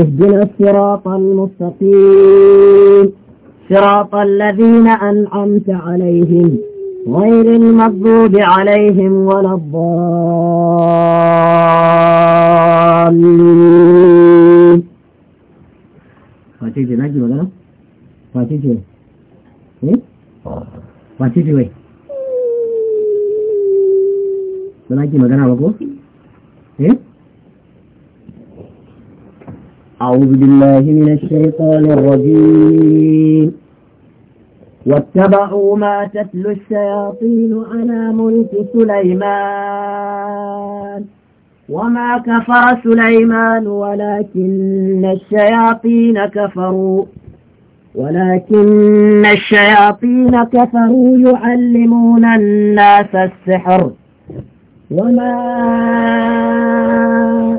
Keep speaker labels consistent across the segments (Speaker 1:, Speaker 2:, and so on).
Speaker 1: اهدنا الصراط المستقيم صراط الذين أنعمت عليهم غير المغضوب عليهم ولا الضالين فاتيتي نجي ولا فاتيتي ايه فاتيتي وي نجي مدنا وقو ايه أعوذ بالله من الشيطان الرجيم واتبعوا ما تتلو الشياطين على ملك سليمان وما كفر سليمان ولكن الشياطين كفروا ولكن الشياطين كفروا يعلمون الناس السحر وما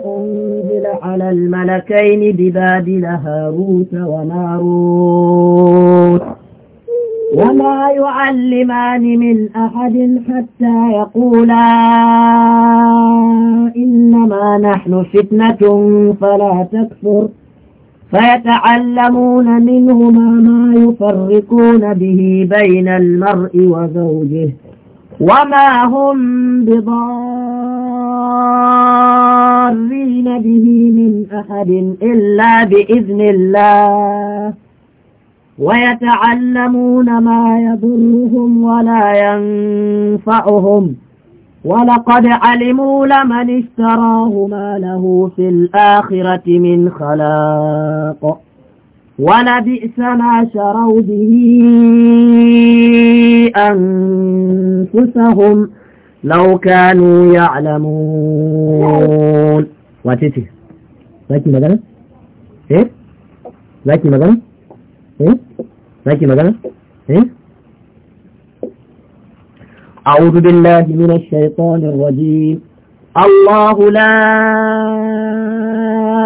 Speaker 1: أنزل على الملكين ببابل هاروت وماروت وما يعلمان من أحد حتى يقولا إنما نحن فتنة فلا تكفر فيتعلمون منهما ما يفرقون به بين المرء وزوجه وما هم بضارين به من أحد إلا بإذن الله ويتعلمون ما يضرهم ولا ينفعهم ولقد علموا لمن اشتراه ما له في الآخرة من خلاق ولبئس ما شروا به أنفسهم لو كانوا يعلمون واتيتي لكن magana? ايه لكن magana? ايه لكن magana? ايه أعوذ بالله من الشيطان الرجيم الله لا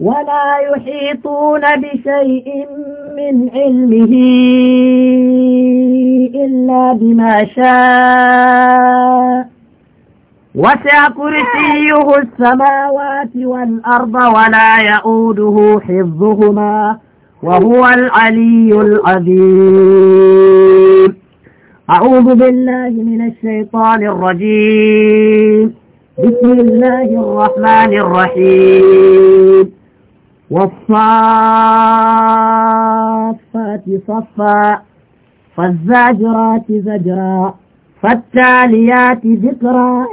Speaker 1: ولا يحيطون بشيء من علمه إلا بما شاء وسع كرسيه السماوات والأرض ولا يؤوده حفظهما وهو العلي العظيم أعوذ بالله من الشيطان الرجيم بسم الله الرحمن الرحيم والصافات صفا فالزاجرات زجرا فالتاليات ذكرا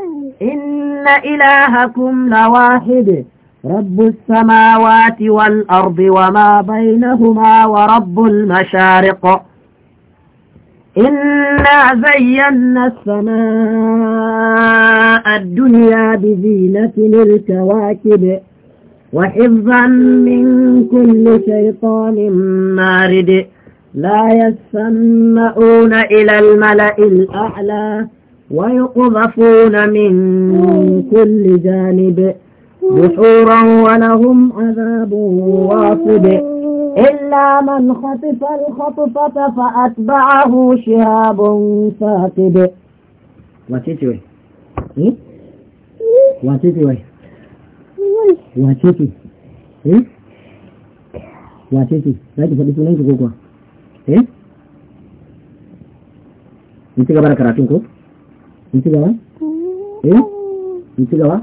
Speaker 1: إن إلهكم لواحد رب السماوات والأرض وما بينهما ورب المشارق إنا زينا السماء الدنيا بزينة للكواكب وحفظا من كل شيطان مارد لا يسمعون إلى الملأ الأعلى ويقذفون من كل جانب دحورا ولهم عذاب واصب إلا من خطف الخطفة فأتبعه شهاب ثاقب واتيتي وي واتيتي وي wace ce eh wace ce za ki faɗi sunanki ko kuwa eh in ci gaba da karatun ko in ci gaba eh in ci gaba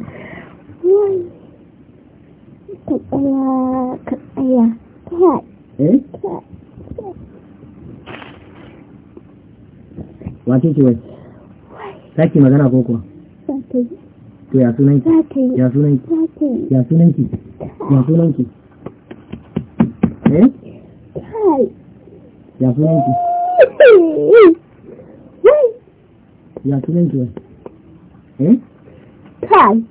Speaker 2: ka tsaya ka tsaya
Speaker 1: eh wace ce wai ta ki magana ko kuwa to ya sunanki ya sunanki ya sunanki ya sunanki eh ya sunanki ya sunanki wai ya eh? kai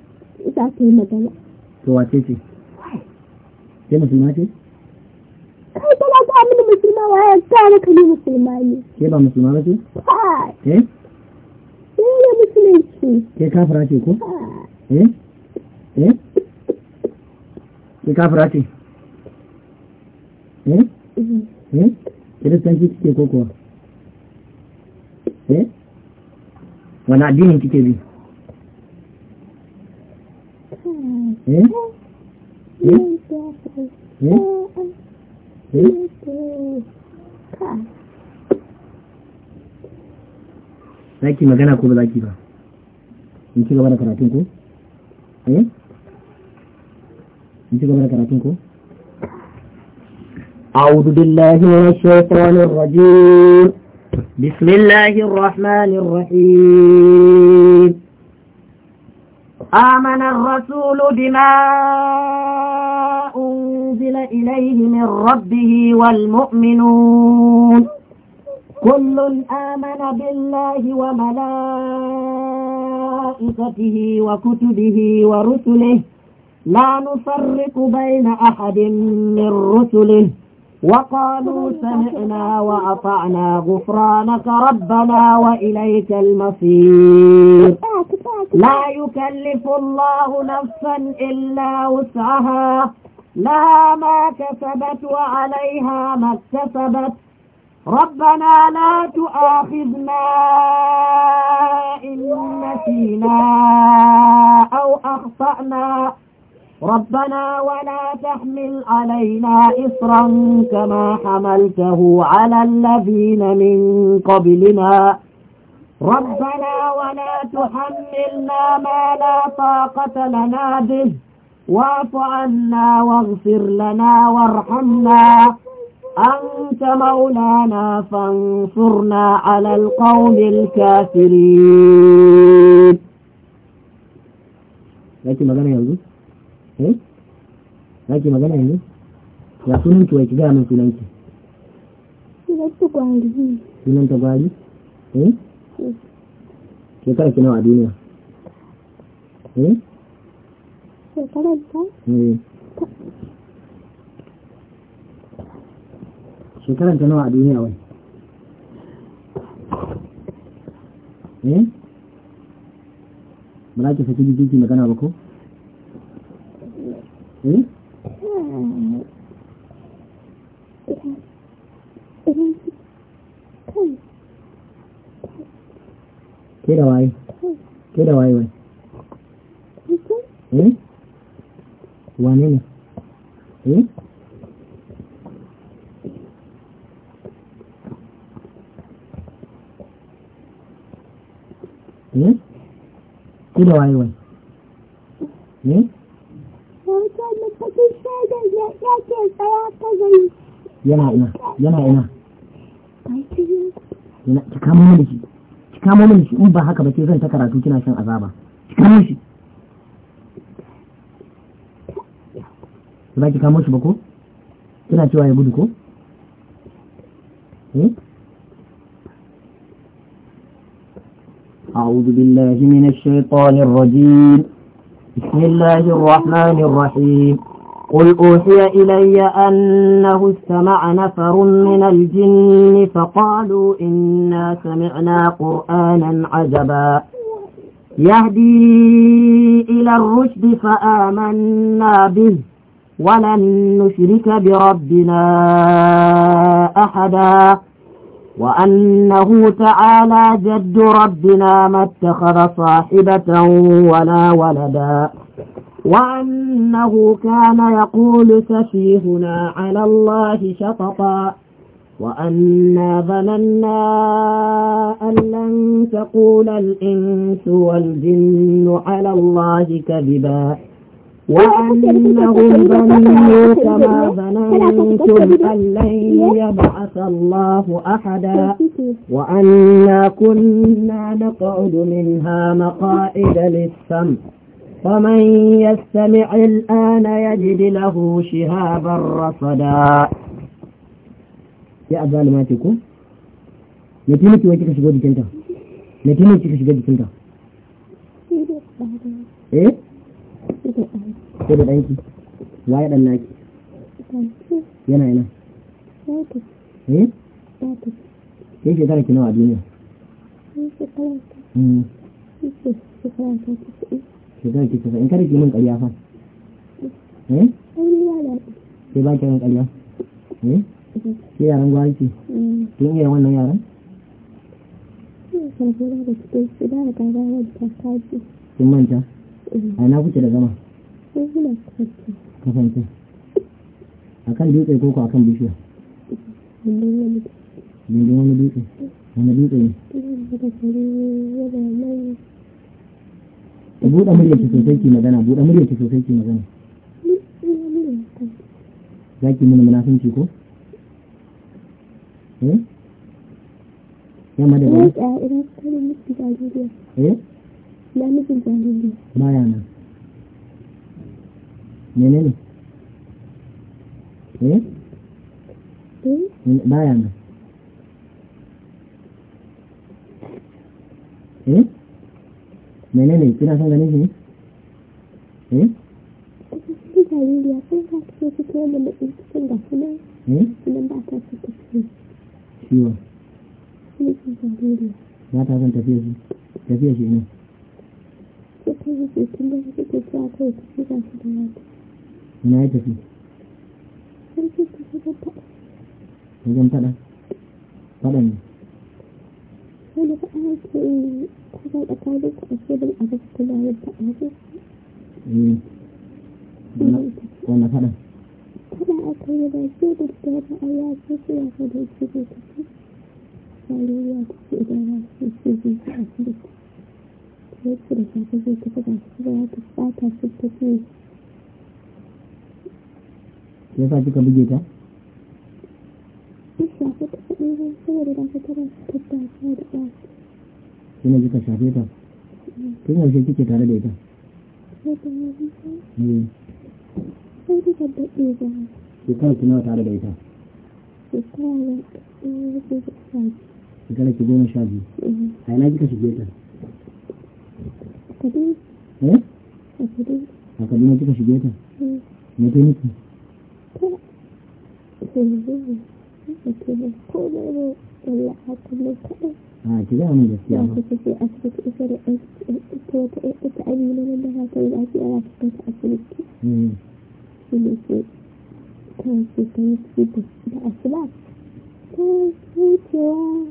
Speaker 1: to wace ce ke musulma ce
Speaker 2: kai tana ta musulma wa ya ta maka musulma ne
Speaker 1: ke ba musulma ba ce kai eh
Speaker 2: musulunci
Speaker 1: ke kafira ce ko eh eh ke kafira ce eh mm-hmm. eh kiristanci kike ko kuwa eh wani addinin kike bi
Speaker 2: hmm. eh eh eh eh
Speaker 1: za ki magana ko ba za ki ba in ci gaba da karatun ko eh in ci gaba da karatun ko أعوذ بالله من الشيطان الرجيم بسم الله الرحمن الرحيم آمن الرسول بما أنزل إليه من ربه والمؤمنون كل آمن بالله وملائكته وكتبه ورسله لا نفرق بين أحد من رسله وقالوا سمعنا وأطعنا غفرانك ربنا وإليك المصير لا يكلف الله نفسا إلا وسعها لها ما كسبت وعليها ما اكتسبت ربنا لا تؤاخذنا إن نسينا أو أخطأنا ربنا ولا تحمل علينا إصرا كما حملته على الذين من قبلنا ربنا ولا تحملنا ما لا طاقة لنا به واعف عنا واغفر لنا وارحمنا أنت مولانا فانصرنا على القوم الكافرين لكن مغانا ينزو إيه؟ لكن مغانا ينزو يا سننك ويكجا من سننك sunanta gwari? eh? shekara ki nawa a duniya? eh?
Speaker 2: shekara ta?
Speaker 1: eh shekaran ta nawa a duniya wai eh ba za ki saki ki magana ba ko eh ke da waye ke da waye wai eh wane ne eh ku da waye ne yana ina yana ina ki kamo mini shi ki kamo mini shi in ba haka ba ke zan ta karatu kina shan azaba ki kamo shi ba ki kamo shi ba ko kina cewa ya gudu ko eh أعوذ بالله من الشيطان الرجيم بسم الله الرحمن الرحيم قل أوحي إلي أنه استمع نفر من الجن فقالوا إنا سمعنا قرآنا عجبا يهدي إلى الرشد فآمنا به ولن نشرك بربنا أحدا وأنه تعالى جد ربنا ما اتخذ صاحبة ولا ولدا وأنه كان يقول سفيهنا على الله شططا وأنا ظننا أن لن تقول الإنس والجن على الله كذبا وأنهم ظنوا كما ظننتم أن لن يبعث الله أحدا وأنا كنا نقعد منها مقائد للسمع فمن يستمع الآن يجد له شهابا رصدا يا ظالماتكم نتيمتي وين كيكا شغل ديكنتا نتيمتي كيكا شغل ديكنتا ايه
Speaker 2: da
Speaker 1: ɗanki wa ya ɗan naki yana yana eh yin shekara ki nawa duniya
Speaker 2: hmm. shekara
Speaker 1: ki tafa in kada ki min ƙarya fa eh sai ba ki min ƙarya eh sai yaran gwari ki kin iya wannan yaran sun manta Mm-hmm. a na kuke da zama kafanta a kan dutse ko a kan bishiya
Speaker 2: dindin
Speaker 1: wani dutse wani dutse ne ki buɗe murya ki sosai ki magana buɗe murya ki sosai ki magana za ki mini munafinci ko eh yamma da ba eh ya jariri baya nan eh? eh baya nan eh kina son ganin shi ne eh
Speaker 2: cikin wanda matsin cikin da kuma ba ta ciwon
Speaker 1: ba ta shi shi ne
Speaker 2: suka yi tun yi yadda da safe zai tafi ga ya tafi
Speaker 1: ɓata su kika buge ta? shafe kika shafe ta? tun kike tare da ita? sai eh. ki nawa tare da ita? shekara ki goma sha a yana kika shige
Speaker 2: eh
Speaker 1: a kaduna kika shige ta na ta miki
Speaker 2: ko da ne ne kaɗai
Speaker 1: a ki zama mun gaskiya ba
Speaker 2: asibiti ita da ita wata ita amina da za ta yi lafiya za ta ta asibiti shi ne da asibat ta wucewa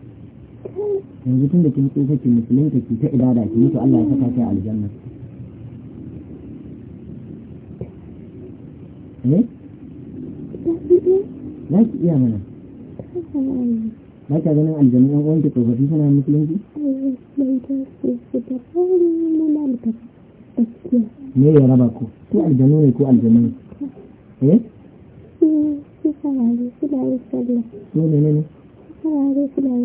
Speaker 1: yanzu tun da kin kake musulun ka ki ta ibada ki mutu Allah ya saka ki aljanna eh iya mana ba ka ganin aljanu ɗan uwanki tsofaffi suna musulunci? me ya raba ku ko aljanu ne ko aljanu ne eh? ne ne ne
Speaker 2: farare suna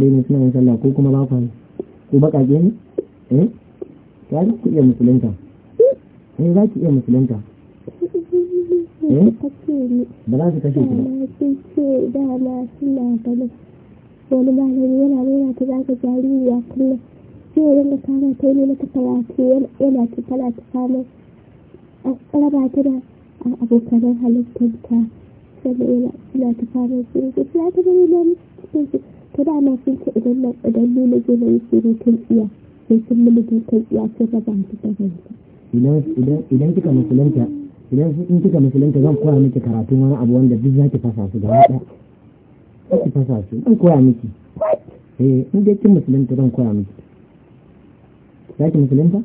Speaker 1: yin sallah ko kuma ba ka ku farare ne suna yin sallah ko kuma ba ka yi ku baƙaƙe ne eh ya za ku musulunta eh za ki iya musulunta
Speaker 2: eh? ba za su kashe ku ba suna wani malami yana nuna ta zaka jaririya kullum sai ya rinka kama ta yi mata karatu yana ta tana ta a raba ta da abokanan halittarta saboda suna ta fara surutu suna ta bari na musu ta dama sun ce idan na idan yi surutun tsiya sai sun mini dukan tsiya sun raba ta da
Speaker 1: idan kika musulunta idan in kika musulunta zan koya miki karatun wani abu wanda duk zaki fasa su gaba ɗaya zaki fasa su zan koya miki eh in dai kin musulunta zan koya miki musulunta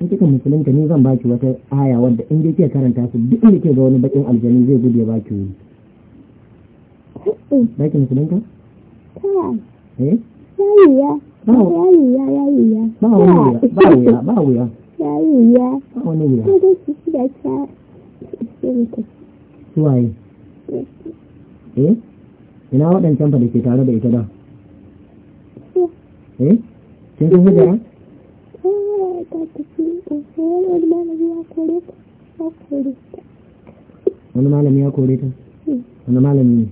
Speaker 1: in kika musulunta ni zan baki wata aya wadda in dai ke karanta su duk inda ke ga wani bakin aljanu zai gudu ya baki wuri baki musulunta eh
Speaker 2: yayiya yayiya yayiya ba wuya ba wuya ba wuya yayiya ba wani wuya ko da shi da ta
Speaker 1: suwaye eh ina waɗancan fa da ke tare da ita da eh kin san hijira
Speaker 2: wani malami ya kore ta
Speaker 1: wani malami ya kore ta wani malami ne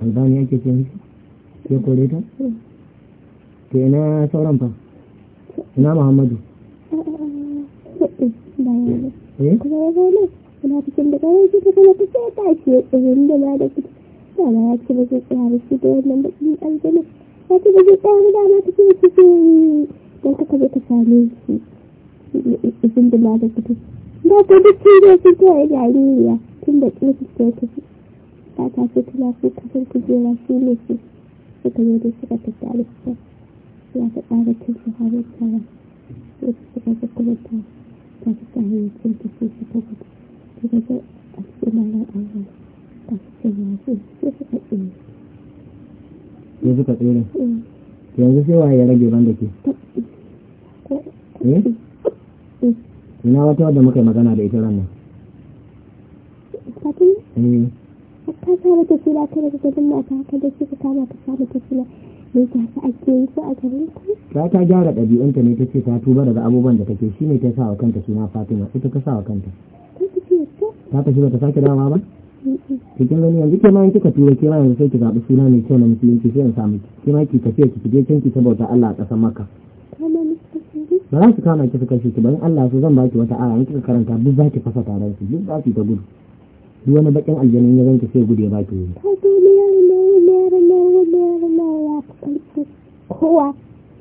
Speaker 1: albani eh a ake ce ya kore ta ke eh. na sauran fa ina muhammadu
Speaker 2: eh? kuma ya ina cikin da kawai shi kuma ta ya ta ya irin da ba da kuma ya ce ba zai tsaya da da wannan bakin aljanin wata da zai wani dama ta ce ta ce don ka kaje ka same shi izin da ba ta fito ta duk ce da ta yi jaririya tun da ta yi tafi ta ta ce ta lafi kasar kujera shi ne su suka yi da suka tattali su ya ta ƙara cin su harin tara da su suka ta kuma ta ta ta ta hanyar cin ta su su ta gudu ta a cikin ta
Speaker 1: ya suka tsere mm. yanzu sai waye ya rage ban da ke eh? ina wata wadda muka yi magana da ita ranar eh ta ta
Speaker 2: ta mata da kama ta ta ne ta sa ake yi a garin ku.
Speaker 1: ta ta gyara ɗabi'unta ne ta ce ta tuba daga abubuwan da take shi ne ta sa wa kanta suna fatima ita ta sa wa kanta. ta tafi ba ta sake dawa ba. cikin gani yanzu ke mayan kika tura kira yanzu sai ki zaɓi suna mai kyau na musulunci sai in samu ki ma ki tafiya ki fi kin ki saboda Allah a ƙasar maka. ba za su kama ki suka kashe ki bari Allah su zan baki wata ara in kika karanta duk za ki fasa tare su duk za ki ta gudu duk wani bakin aljanin ya zanki sai gudu ya baki wuri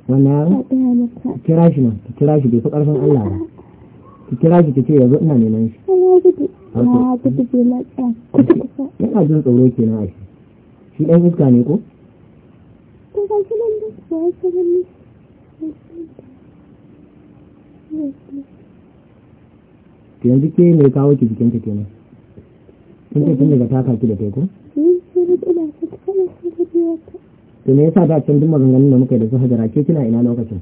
Speaker 1: wannan kira shi nan kira shi bai fi ƙarfin Allah ba ki kira shi ki ce yanzu ina neman shi
Speaker 2: yana jin tsoro kenan a
Speaker 1: shi shi ɗan iska ne ko ki yanzu ke mai kawo ki jikin ki kenan kun ce tun daga taka ki da kai ko to me yasa da can duk maganganun da muka yi da su hajara ke kina ina lokacin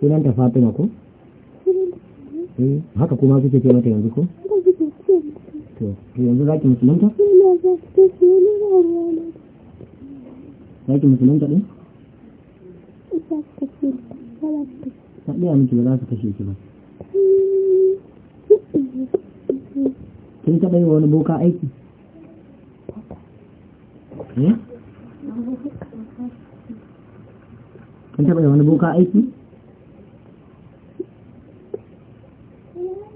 Speaker 1: sunan ta fatima ko eh haka kuma suke ce mata yanzu ko to yanzu zaki musulunta zaki musulunta ɗin? ta ɗaya miki ba za su kashe ki ba kin taɓa yi wa wani boka aiki eh? kin taɓa yi wa wani boka aiki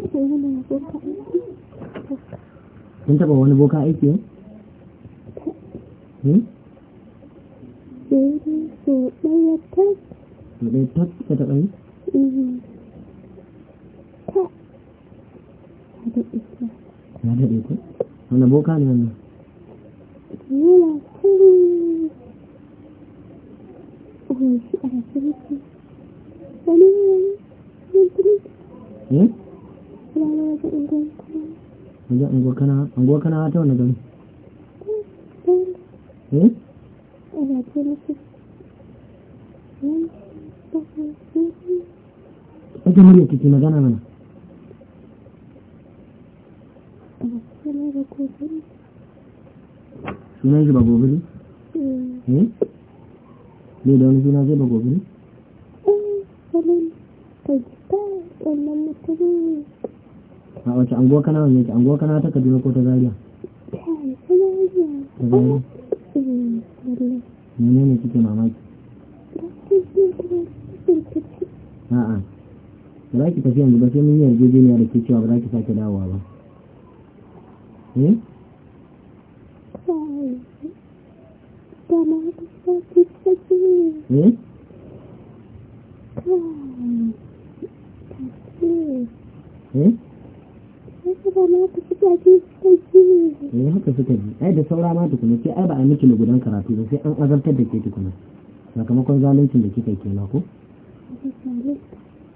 Speaker 2: Kin
Speaker 1: taba wani boka aiki yau? Hmm?
Speaker 2: Su ɗaya tas.
Speaker 1: Su ɗaya tas ka taɓa yi? Ta. Ya daɗe ku? Wanda boka ne wannan?
Speaker 2: Yana kuri. Wani shi a rasirki. Wani wani. Wani wajen
Speaker 1: unguwa kana ta wani gani eh Ake murya kike magana mana? Sunan shi ba gobe Eh? Bai da wani suna zai ba gobe Eh,
Speaker 2: halin ta gita wannan mutum
Speaker 1: a wace anguwa kana wani yake anguwa kana ta kaduna ko ta zaria
Speaker 2: ta zaria
Speaker 1: mene ne kike mamaki a'a ba za ki tafi yanzu ba sai mun yi yarjejeniya da ke cewa ba za ki sake dawowa ba eh eh eh ne haka suka yi ai da saura ma tukuna sai ai ba a miki gudan karatu ba sai an azartar da ke tukuna sakamakon zaluncin da kika ke mako.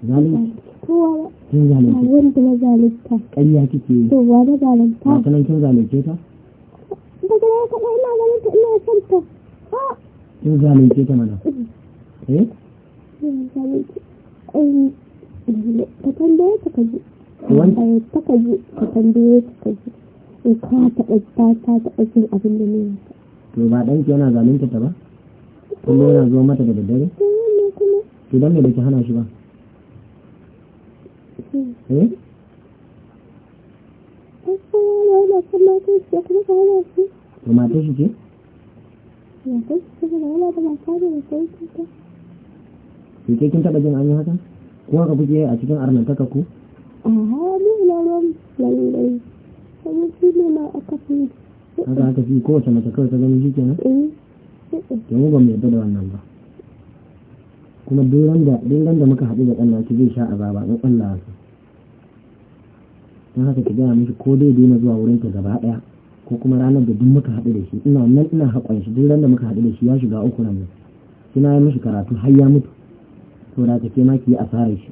Speaker 1: zalunci kike yi kin
Speaker 2: zalunce ta
Speaker 1: kin zalunce ta mana eh.
Speaker 2: Eh? wannan ta eh, taɓa abin da
Speaker 1: to ba ɗanki yana zalunta ta ba kuma yana zo mata da daddare eh, to dan da baki hana shi ba eh?
Speaker 2: to mata shi ce? Mata shi ce da da da
Speaker 1: Ke kin taɓa jin an yi haka? Kuma ka kuke a cikin arnantaka ku?
Speaker 2: hali laron lallai kuma shi ne ma aka fi haka aka
Speaker 1: fi kowace kawai ta zama jike nan domin ba mu yadda da wannan ba kuma duran da muka haɗu da ɗan zai sha azaba in Allah su don haka ki gaya mishi ko dai daina zuwa wurin ta gaba ɗaya ko kuma ranar da duk muka haɗu da shi ina nan ina haƙon shi duran da muka haɗu da shi ya shiga uku nan kina yi mishi karatu har ya mutu to da ka ke ma ki yi asarar shi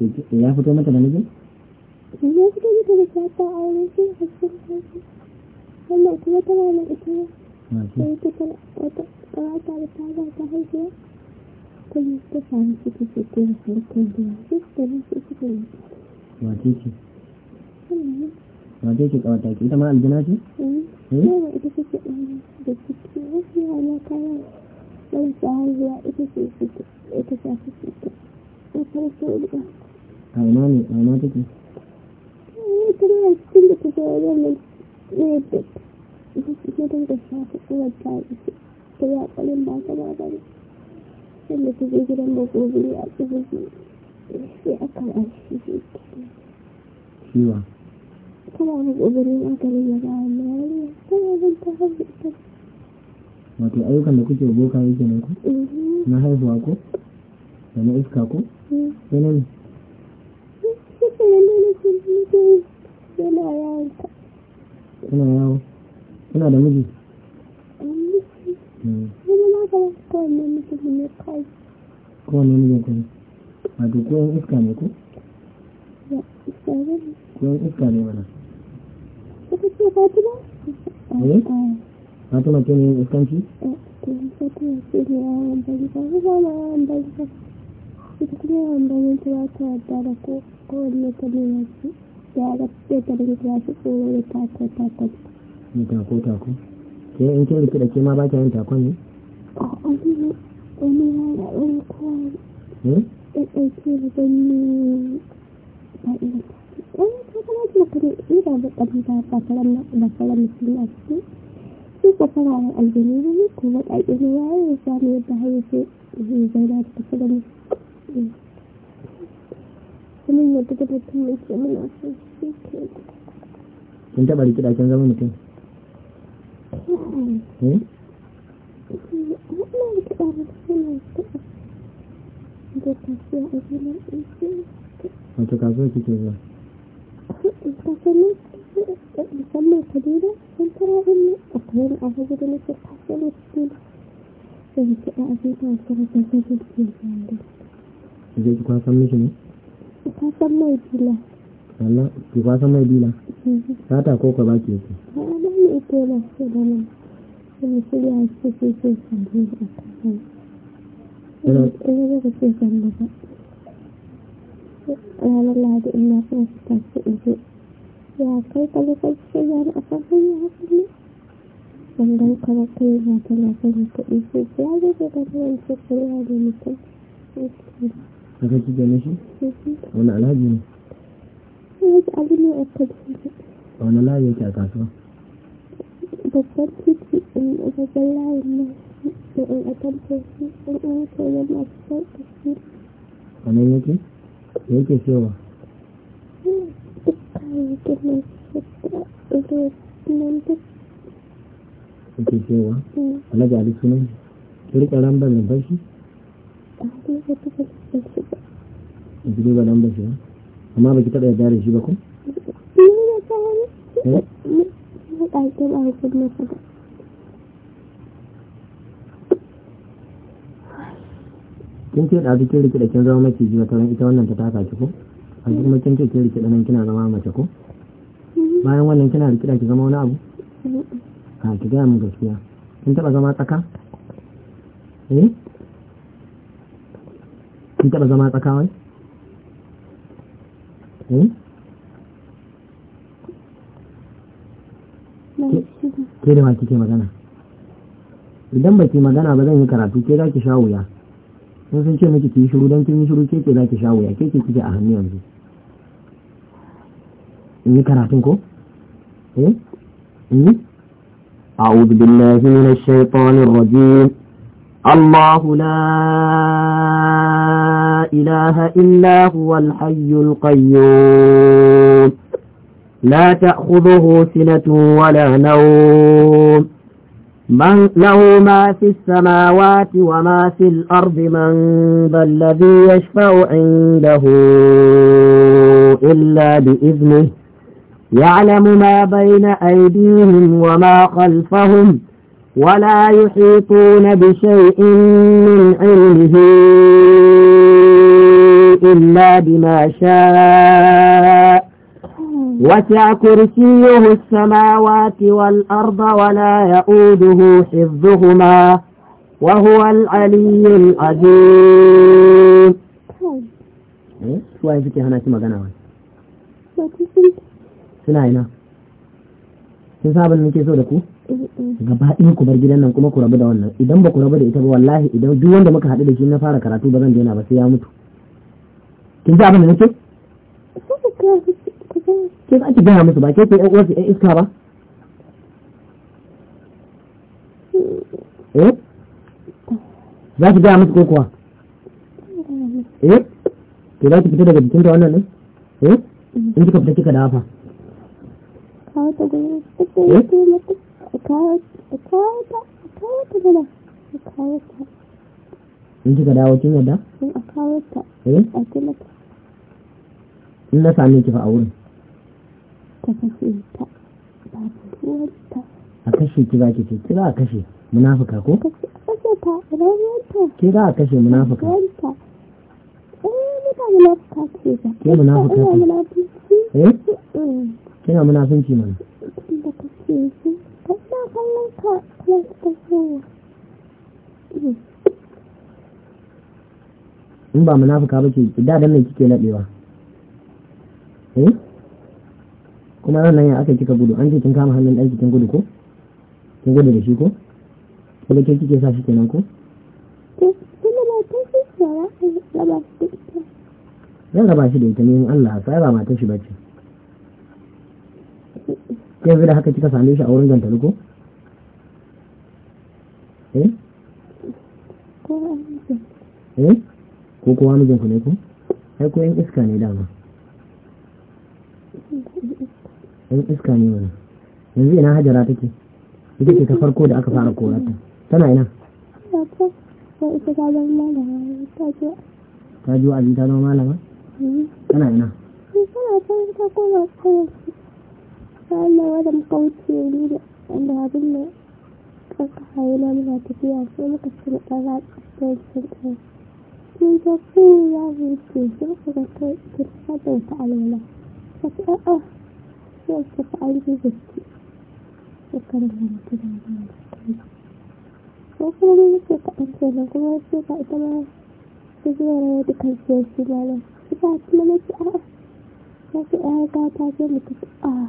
Speaker 1: ठीक है AR photo में तो बनेगी
Speaker 2: AR photo में तो दिखा था आई एम सी हस्बैंड है मैं इतना तो मैं इतना हां जी तो तो तो कहा था बता जाता है कि तो इसको फैंसी की सिटी में हल कर दिया इस तरह से इसे कर हां ठीक है हां
Speaker 1: हाँ, ठीक है कहता है कि तुम्हारा अंजना जी
Speaker 2: हम्म हाँ। हाँ। इसे से देखिए ये वाला का मैं चाह रहा इसे से इसे से इसे से
Speaker 1: a ina ne a ina take
Speaker 2: cikin da take wajen nan ne da ita ta da ta ta ta da ta da a tsibiri sai aka rashi ta
Speaker 1: wato ayyukan da kuke boka yake nan ku mm-hmm. na haihuwa ko da na iska ko sai mm. Ina yawo. Ina da miji.
Speaker 2: Wani ma ka kowane miji ne kai.
Speaker 1: Kowane miji kai. Wato koyan iska ne ko? Koyan iska ne mana.
Speaker 2: Kuka ce Fatima? Eh?
Speaker 1: Fatima ce ne iskanci?
Speaker 2: Eh, Fatima ce ne yawon bari ba, ba ma yawon bari ba. ita kuma yawan bayan ta ta yarda da ko kowanne kalmar su da ya gaske ta da ta shi tsoro da tako in
Speaker 1: ne a wani wani
Speaker 2: ba wani
Speaker 1: da
Speaker 2: ba da ya ya zai Ini nanti kita temen temen apa sih?
Speaker 1: Entah balik ke dalam kamu mungkin.
Speaker 2: Hmm? Mana kita orang sini? Kita kasih aja lah itu.
Speaker 1: Macam kasih kita lah.
Speaker 2: Kita sini بسمى كبيرة كنت أرى أني أقول أعوذ بالله الشيطان الرجيم فهي كأعزيز وأكثر التنفيذ في الجانب
Speaker 1: je ki kwasan mishi ne
Speaker 2: kwasan mai bila
Speaker 1: Allah ki kwasan mai bila mhm. sata ko ka baki yake
Speaker 2: ba ba ne na so da nan sai sai ya ce sai sai a kwasan ina ina da sai san da ba ranar lahadi ina son su tafi in ya kai kalifar sai ya na kan hanyar kama kai ba na son kuɗi sai ya zai ga ganin cikin yaro mutum Haka kike Wani alhaji ne? Wani abu ne a kasuwa.
Speaker 1: Wani layi yake a kasuwa?
Speaker 2: Babban titi in babban layin da in a tamfe shi in an koyar masu
Speaker 1: yake? Yake cewa?
Speaker 2: Duk kayayyakin da nan duk
Speaker 1: cewa mm. alhaji ali sunan ki rika lambar da bashi
Speaker 2: a ki
Speaker 1: duba nan ba shi amma ba ki taɓa yarda da shi ba ko eh? kin ce da kin rike da kin zama mace jiya ta ita wannan ta taka ki ko a kuma kin ce kin rike da nan kina zama mace ko bayan wannan kina rike da ki zama wani abu a ah, ki gaya min gaskiya kin taɓa zama tsaka eh kun taɓa zama tsakawai? Hmm? ke da kike magana idan ba ke magana ba zan yi karatu ke za ki sha wuya sun sun ce miki ki yi shiru don kin yi shiru ke ke za ki sha wuya ke ke kike a hannu yanzu in yi karatun ko? eh? in yi? أعوذ بالله من الشيطان rajim الله لا إله إلا هو الحي القيوم لا تأخذه سنة ولا نوم من له ما في السماوات وما في الأرض من ذا الذي يشفع عنده إلا بإذنه يعلم ما بين أيديهم وما خلفهم ولا يحيطون بشيء من علمه إلا بما شاء وسع كرسيه السماوات والأرض ولا يؤوده حفظهما وهو العلي العظيم waye suke hana shi magana wani suna ina sun sabon nake so da gaba ɗaya ku bar gidan nan kuma ku rabu da wannan idan ba ku rabu da ita ba wallahi idan duk wanda muka haɗu da shi na fara karatu ba zan daina ba sai ya mutu kin ji abin da nake ke za ki gaya musu ba ke ke ƴan uwarsu ƴan iska ba eh za ki gaya musu ko kuwa eh ke za ki fita daga jikin ta wannan ne eh in kika fita kika dafa
Speaker 2: ka wata
Speaker 1: in kika dawo kin yadda?
Speaker 2: a kawo ta eh? a tilata
Speaker 1: in na sami kifa a wurin
Speaker 2: ta kashe ta ba ta
Speaker 1: a kashe ki za ki ce kira a kashe munafuka ko? kashe
Speaker 2: ta a rayuwarta
Speaker 1: ki za a kashe munafuka
Speaker 2: ke munafuka ke? eh?
Speaker 1: kina munafunci mana?
Speaker 2: da kashe su hannunka ya tafiya
Speaker 1: in ba munafuka ba ke da dan mai kike nadewa eh kuma nan ya aka kika gudu an ce kin kama hannun ɗan kin gudu ko kin gudu da shi ko kuma ke kike sa shi kenan ko zan raba shi da ita ne Allah sai ba matar shi bace kai da haka kika same shi a wurin gantalu ko Eh? Eh? ko kowa mijinku ne ku ai ko yan iska ne dama yan iska ne wani yanzu ina hajara take ita ce ta farko da aka fara korata tana ina ta ji wa'azi ta zama malama tana ina
Speaker 2: tana can ta koma kawai ta Allah wadda muka ni da abin da ƙawayena muna tafiya sai muka ci da ɗan ratsa cikin ɗaya mun ga kun ya wuce sai muka ga kai kirka da wata alwala ta ce a'a sai ta da da ko kuma mun yake kaɗan kenan kuma sai ka ita ma ta zuwa da shi na na a'a ce ta ce mutu a'a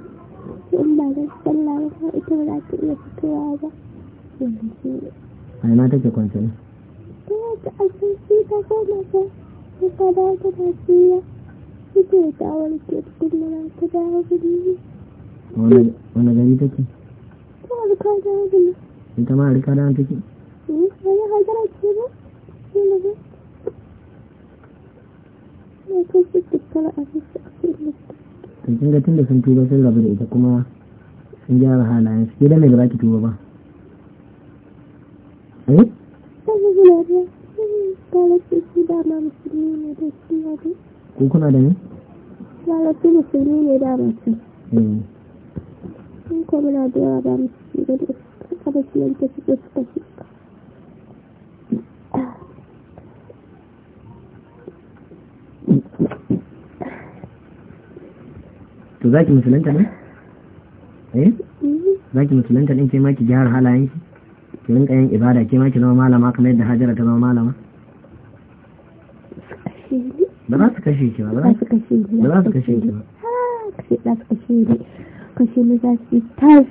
Speaker 2: in ba ga sallah ba ta ita ba za ta iya fitowa ba
Speaker 1: ai ma take kwance ne
Speaker 2: ta ta asibiti ta koma ta ta dawo ta tafiya ita ya ta warke tukun nan ta dawo gudu
Speaker 1: wanda gari take
Speaker 2: ta harka da gudu
Speaker 1: ita ma harka da take
Speaker 2: eh wani hajjara ce ba ne da ba ne ko su tukkar a cikin
Speaker 1: to kin ga tunda sun tuba sun rabu da ita kuma sun gyara halayen su ke da mai ba ki tuba ba eh ko kuna da ne?
Speaker 2: lalace musulmi ne eh. da mace in kuma muna da yawa ba musulmi da su suka basu yanke suke suka shi
Speaker 1: to za ki musulunta ne? eh? za ki musulunta ɗin ke ma ki gyara halayen ki ki rinka yin ibada ke ma ki zama malama kamar yadda hajara ta zama malama ba za su kashe ki ba ba za su
Speaker 2: kashe ki ba za su kashe ki ba kashe ni za su yi tas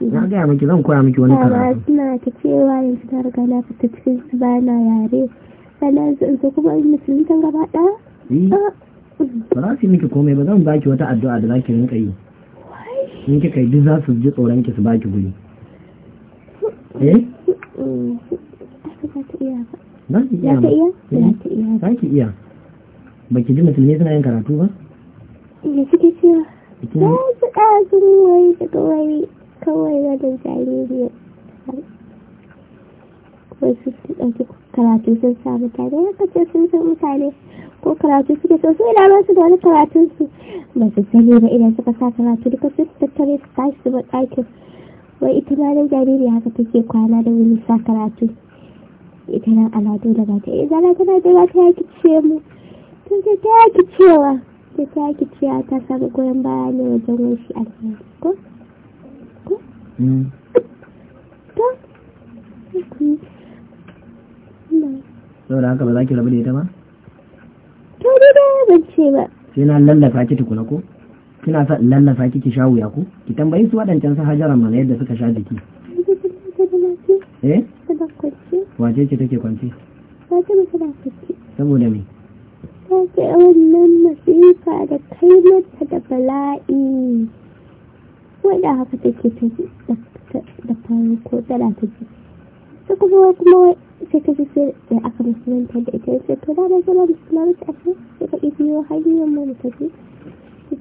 Speaker 2: na gaya
Speaker 1: miki zan koya miki wani karatu
Speaker 2: suna ta cewa yanzu ta riga na fita cikin su ba na yare sannan su kuma musulunta gaba ɗaya
Speaker 1: eh. ah. ba za su yi miki komai ba zan baki wata addu'a da za ki rinka yi in kika yi za su ji tsoron ki su baki guri eh ki iya eh, za ki iya ba ki ji musulmi suna yin karatu ba
Speaker 2: suke cewa za su ɗazin wani daga kawai wajen jariri wasu su ɗauki karatu sun sa mutane ya kace sun san mutane ko karatu suke so sai da su da wani karatun su ba su sani ba idan suka sa karatu duka su tattare su tashi su ba ɗakin wai ita ma dai jariri haka take kwana da wani sa karatu ita nan aladu da bata iya zala tana da ta ya ce mu tun sai ta ya cewa ta ta ya cewa ta samu goyon baya ne wajen wasu ko ko ko mm. ko
Speaker 1: haka ko ko ki rabu da ita ba
Speaker 2: to da ban ce ba
Speaker 1: sai na lallafa ki tukuna ko kina sa lallafa ki ki sha wuya ko ki tambayi su waɗancan su hajaran mana yadda suka sha jiki eh wace ce take kwance
Speaker 2: wace ba tana kwance saboda me ta ce wannan masifa da kai mata da bala'i wadda haka take tafi da farko tana ta ji ta kuma kuma sai ta sai da aka musulunta da ita sai to da ba zama musulunta a sai suka ibiyo hanyar mu tafi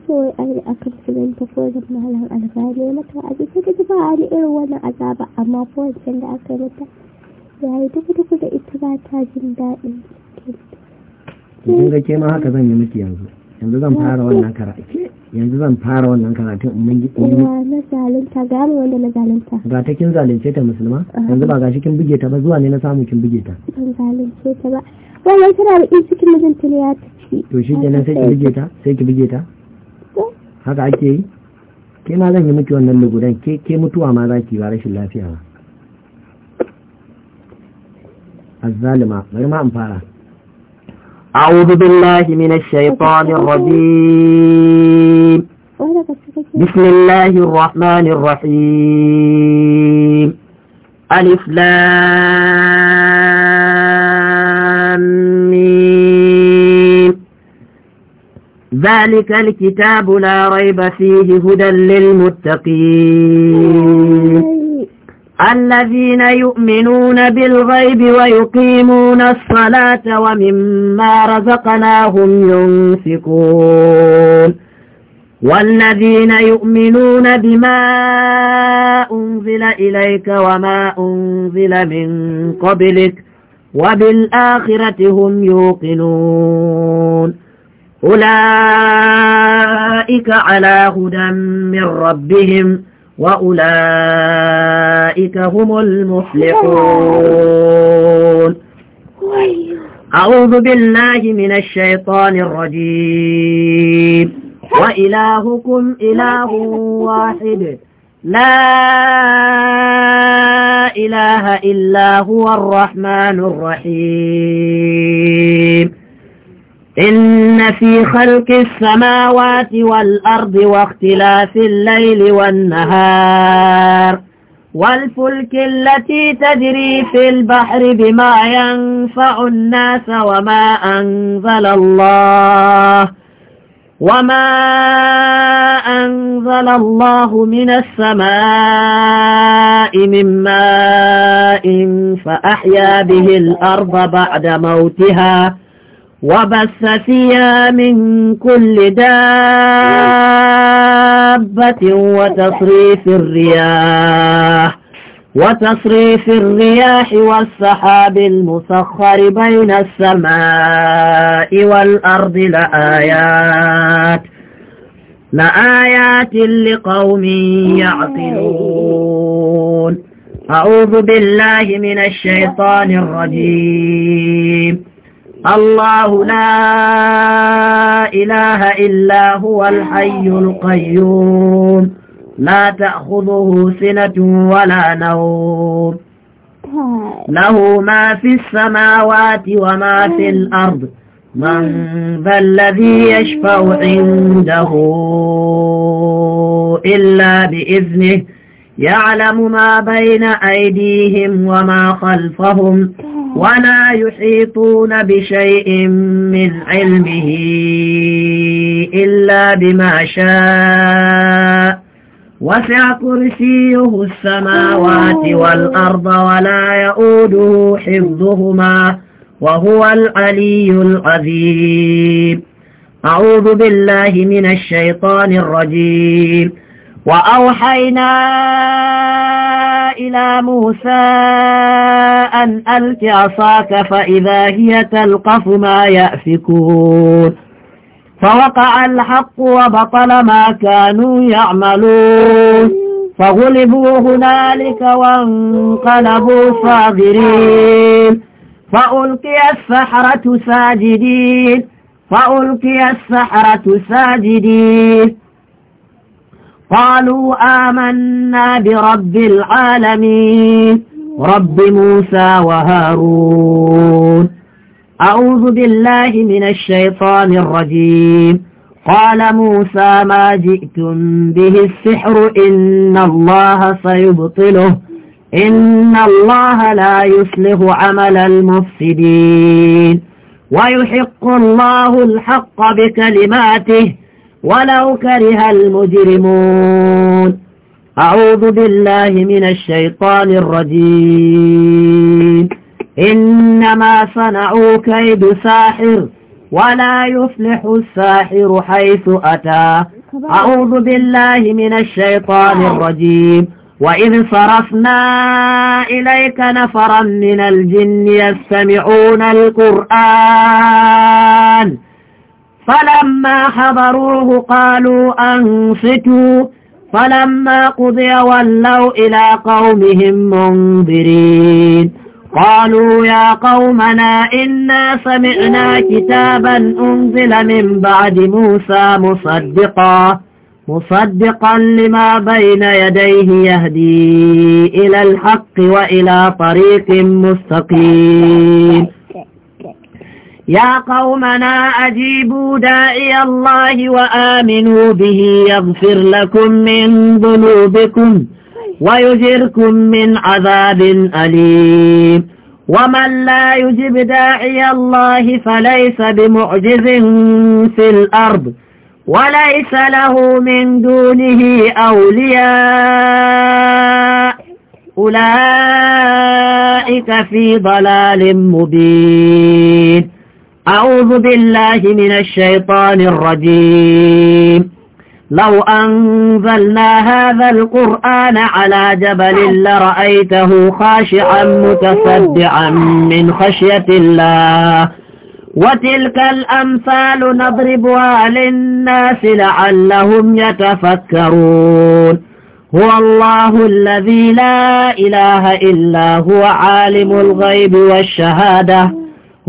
Speaker 2: kawai an yi akan filin ta koyar malam albani ya mata a jiki ta ba a irin wannan azaba amma kowancen da aka yi mata ya yi duk duk da ita ba ta jin daɗin jikin.
Speaker 1: da ga ke ma haka zan yi miki yanzu. Yanzu zan fara wannan kara. yanzu zan fara wannan karatun in mun yi eh,
Speaker 2: na zalunta ga mu wanda na zalunta ga
Speaker 1: ta kin zalunce ta musulma yanzu ba gashi kin buge ta ba zuwa ne na samu kin buge ta
Speaker 2: ban zalunce ta ba wannan tana da in cikin mijinta ne ya
Speaker 1: ci. to shi kenan sai ki buge ta sai ki buge ta haka ake yi ke ma zan yi miki wannan lugudan ke ke mutuwa ma za ki ba rashin lafiya ba azzalima bari ma an fara أعوذ بالله من الشيطان الرجيم بسم الله الرحمن الرحيم ألف لام ذلك الكتاب لا ريب فيه هدى للمتقين الذين يؤمنون بالغيب ويقيمون الصلاة ومما رزقناهم ينفقون والذين يؤمنون بما أنزل إليك وما أنزل من قبلك وبالآخرة هم يوقنون أولئك على هدى من ربهم وأولئك هم المفلحون أعوذ بالله من الشيطان الرجيم وإلهكم إله واحد لا إله إلا هو الرحمن الرحيم إن في خلق السماوات والأرض واختلاف الليل والنهار والفلك التي تجري في البحر بما ينفع الناس وما أنزل الله وما أنزل الله من السماء من ماء فأحيا به الأرض بعد موتها وبث فيها من كل دابة وتصريف الرياح وتصريف الرياح والسحاب المسخر بين السماء والأرض لآيات لآيات لقوم يعقلون أعوذ بالله من الشيطان الرجيم الله لا إله إلا هو الحي القيوم لا تأخذه سنة ولا نوم له ما في السماوات وما في الأرض من ذا الذي يشفع عنده إلا بإذنه يعلم ما بين أيديهم وما خلفهم ولا يحيطون بشيء من علمه إلا بما شاء وسع كرسيه السماوات والأرض ولا يؤوده حفظهما وهو العلي العظيم أعوذ بالله من الشيطان الرجيم وأوحينا إلى موسى أن ألك عصاك فإذا هي تلقف ما يأفكون فوقع الحق وبطل ما كانوا يعملون فغلبوا هنالك وانقلبوا صاغرين فألقي السحرة ساجدين فألقي السحرة ساجدين قالوا آمنا برب العالمين رب موسى وهارون أعوذ بالله من الشيطان الرجيم قال موسى ما جئتم به السحر إن الله سيبطله إن الله لا يصلح عمل المفسدين ويحق الله الحق بكلماته ولو كره المجرمون أعوذ بالله من الشيطان الرجيم إنما صنعوا كيد ساحر ولا يفلح الساحر حيث أتى أعوذ بالله من الشيطان الرجيم وإذ صرفنا إليك نفرا من الجن يستمعون القرآن فلما حضروه قالوا أنفتوا فلما قضي ولوا إلى قومهم منذرين قالوا يا قومنا إنا سمعنا كتابا أنزل من بعد موسى مصدقا مصدقا لما بين يديه يهدي إلى الحق وإلى طريق مستقيم يا قومنا أجيبوا داعي الله وآمنوا به يغفر لكم من ذنوبكم ويجركم من عذاب أليم ومن لا يجب داعي الله فليس بمعجز في الأرض وليس له من دونه أولياء أولئك في ضلال مبين أعوذ بالله من الشيطان الرجيم لو أنزلنا هذا القرآن على جبل لرأيته خاشعا متصدعا من خشية الله وتلك الأمثال نضربها للناس لعلهم يتفكرون هو الله الذي لا إله إلا هو عالم الغيب والشهادة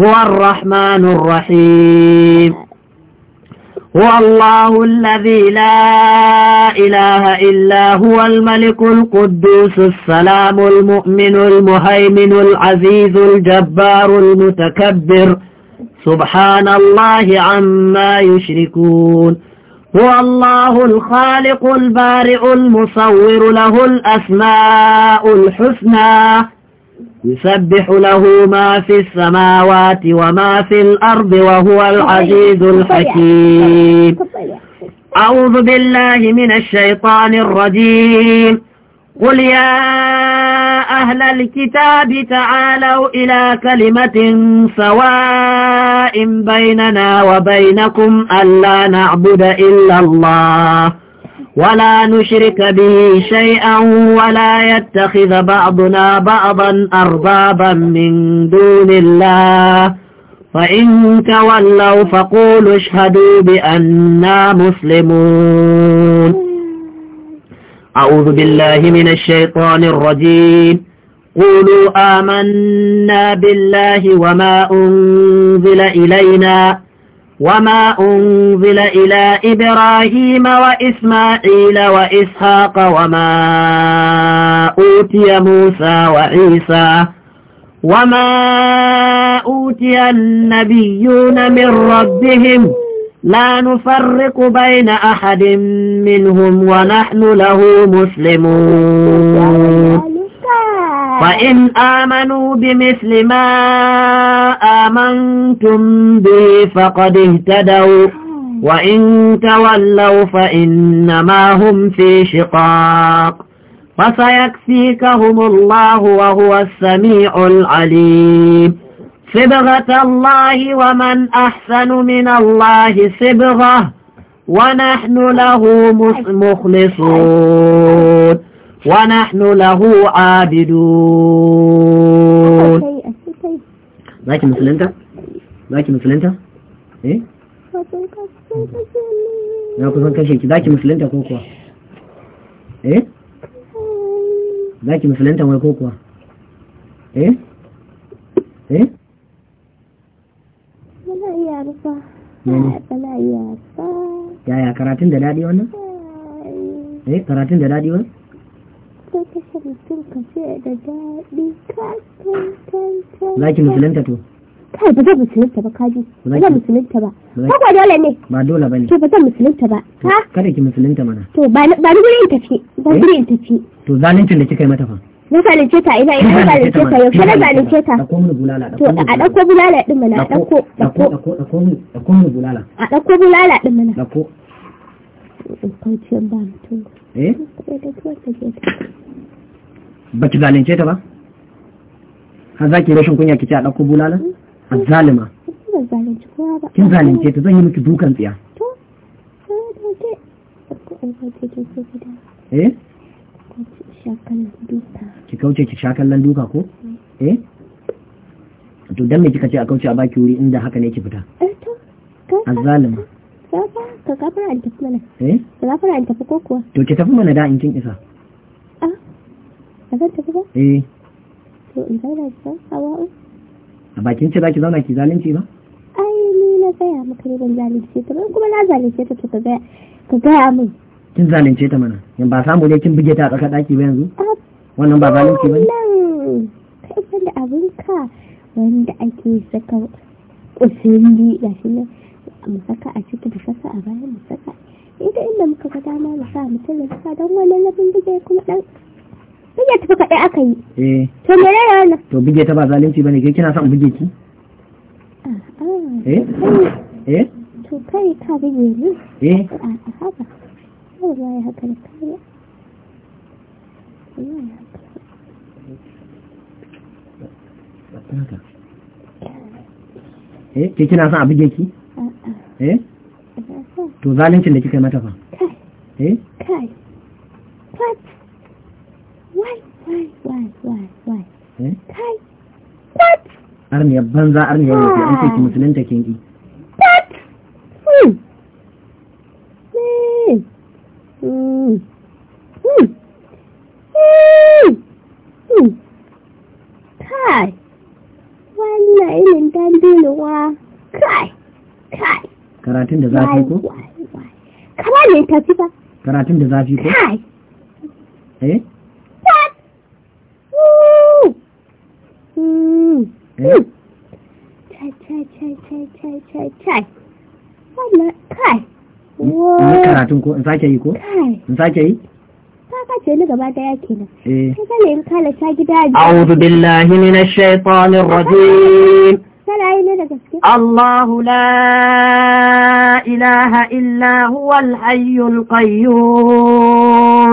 Speaker 1: هو الرحمن الرحيم هو الله الذي لا إله إلا هو الملك القدوس السلام المؤمن المهيمن العزيز الجبار المتكبر سبحان الله عما يشركون هو الله الخالق البارئ المصور له الأسماء الحسنى يسبح له ما في السماوات وما في الأرض وهو العزيز الحكيم أعوذ بالله من الشيطان الرجيم قل يا أهل الكتاب تعالوا إلى كلمة سواء بيننا وبينكم ألا نعبد إلا الله ولا نشرك به شيئا ولا يتخذ بعضنا بعضا أربابا من دون الله فإن تولوا فقولوا اشهدوا بأننا مسلمون أعوذ بالله من الشيطان الرجيم قولوا آمنا بالله وما أنزل إلينا وما أنزل إلى إبراهيم وإسماعيل وإسحاق وما أوتي موسى وعيسى وما أوتي النبيون من ربهم لا نفرق بين أحد منهم ونحن له مسلمون فإن آمنوا بمثل ما آمنتم به فقد اهتدوا وإن تولوا فإنما هم في شقاق فسيكفيكهم الله وهو السميع العليم صبغة الله ومن أحسن من الله صبغة ونحن له مخلصون ونحن له عابدون zaki musulunta? zaki musulunta? eh? na kusan kashe ki zaki musulunta ko kuwa? eh? zaki musulunta wai ko kuwa? eh? eh? yaya karatun da daɗi wannan? eh karatun da daɗi wannan?
Speaker 2: ta kashe mutum ka ce da daɗi ka can can can za ki musulunta to kai ba zan musulunta ba kaji ba zan musulunta ba ko ko dole ne
Speaker 1: ba dole ba ne to
Speaker 2: ba zan musulunta ba
Speaker 1: ha kada ki musulunta mana
Speaker 2: to ba ni gurin tafi ba gurin
Speaker 1: tafi to zaluncin da kika yi mata fa
Speaker 2: na zalunce ta ina ina zalunce ta yau kada zalunce ta bulala to a dako bulala din mana a dauko dauko dauko dauko mu bulala a dako bulala din mana ko kwanciyar ba mutum
Speaker 1: eh ba ki zalince ta ba har za ki rashin kunya kici a ɗauko bulala a zalima
Speaker 2: kin zalince ta
Speaker 1: zan yi miki dukan tsiya eh ki kauce ki sha kallon duka ko eh to dan me kika ce a kauce a baki wuri inda haka ne ki fita a zalima
Speaker 2: ka gafara a tafi mana eh ka gafara a tafi ko kuwa to ki tafi mana da in kin isa ba zan tafi ba eh to in zauna ki san hawa'u
Speaker 1: a bakin ce zaki zauna ki zalunci ba
Speaker 2: ai ni na gaya maka ne ban zalunce ta ba kuma na zalunce ta to ka gaya ka gaya min
Speaker 1: kin zalunce ta mana yan ba samu ne kin buge ta a tsakar daki ba yanzu ah, wannan ba zalunci ba ne
Speaker 2: kai wanda abin ka wanda ake saka usuli ga shi ne mu saka a ciki mu saka a baya mu saka ita inda muka ga dama mu sa mutum ya saka don wani labin buge kuma dan Bige ta kaɗai aka yi. Eh. To me ne
Speaker 1: To bige ta ba zalunci bane ke kina son bige ki?
Speaker 2: Ah, eh? Ah. Eh? To kai ka bige ni? Eh. Ah, a haka. Wallahi haka ne kai.
Speaker 1: Eh, ke kina son a bige ki? Eh? To zaluncin da kika mata fa? Eh?
Speaker 2: Kai. Kai. wai wai wai wai wai
Speaker 1: kai what arniyar banza arniyar wasu an ce ki musulunta kin
Speaker 2: ki what hmm hmm hmm hmm kai wannan
Speaker 1: karatun da zafi ko
Speaker 2: karatun
Speaker 1: da zafi ko kai eh
Speaker 2: kai karatun
Speaker 1: ko in sake yi ko in sake yi
Speaker 2: كاتشيني غبا دايا كينا ايه كالين كالا شاكي داجي أعوذ بالله
Speaker 1: من الشيطان الرجيم
Speaker 2: الله
Speaker 1: لا إله إلا هو الحي القيوم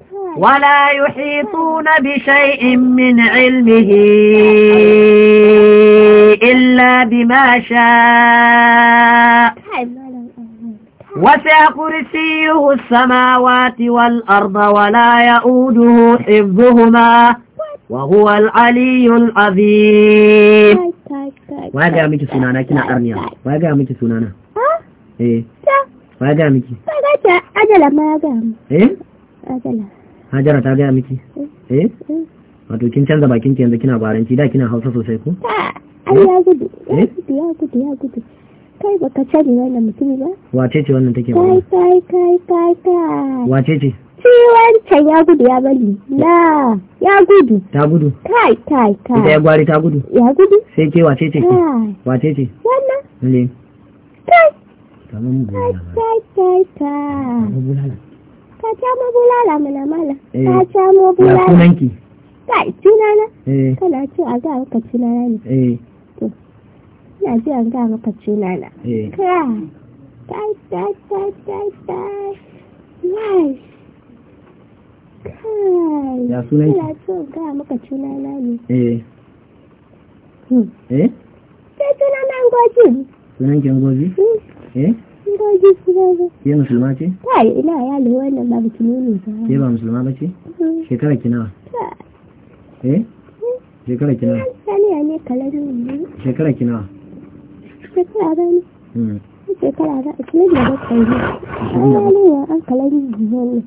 Speaker 1: ولا يحيطون بشيء من علمه إلا بما شاء وسع كرسيه السماوات والأرض ولا يؤده حفظهما وهو العلي العظيم
Speaker 2: واجا ميكي سنانا كنا
Speaker 1: أرنيا واجا ميكي سنانا ايه واجا ميكي
Speaker 2: واجا اجلا ما اجلا ايه اجلا
Speaker 1: hajara ta gaya miki eh wato kin canza bakin ki yanzu kina baranci da kina hausa sosai ko eh? ya
Speaker 2: gudu ya eh? gudu ya gudu ya gudu kai baka cari wannan mutum ba
Speaker 1: wace ce wannan take kai
Speaker 2: kai kai kai kai wace ce ci wancan ya gudu ya bari na
Speaker 1: ya gudu ta gudu
Speaker 2: kai kai kai ita ya
Speaker 1: gwari ta gudu ya gudu sai ke wace ce
Speaker 2: wace ce wannan ne kai kai kai kai kai camo bulala mana mala ka eh. camo bulala sunanki kai tunana eh. kana ce a ga ka tunana ne eh. to ina ji an ga ka tunana ka tai tai tai tai tai wai kai ya sunanki kana ce ga maka tunana ne eh hmm. eh sai tunana ngoji
Speaker 1: sunanki ngoji hmm. eh
Speaker 2: dogi su dogo
Speaker 1: ke musulma ce
Speaker 2: ta yi ina ya lewa wannan ba biki ne ne ke ba musulma ba ce mm.
Speaker 1: shekara ki nawa eh mm. shekara ki nawa
Speaker 2: sani ne kalarin ne
Speaker 1: shekara ki nawa
Speaker 2: shekara ba ne mm. shekara ba a cikin da bakwai ne ya lewa an kalarin biyar ne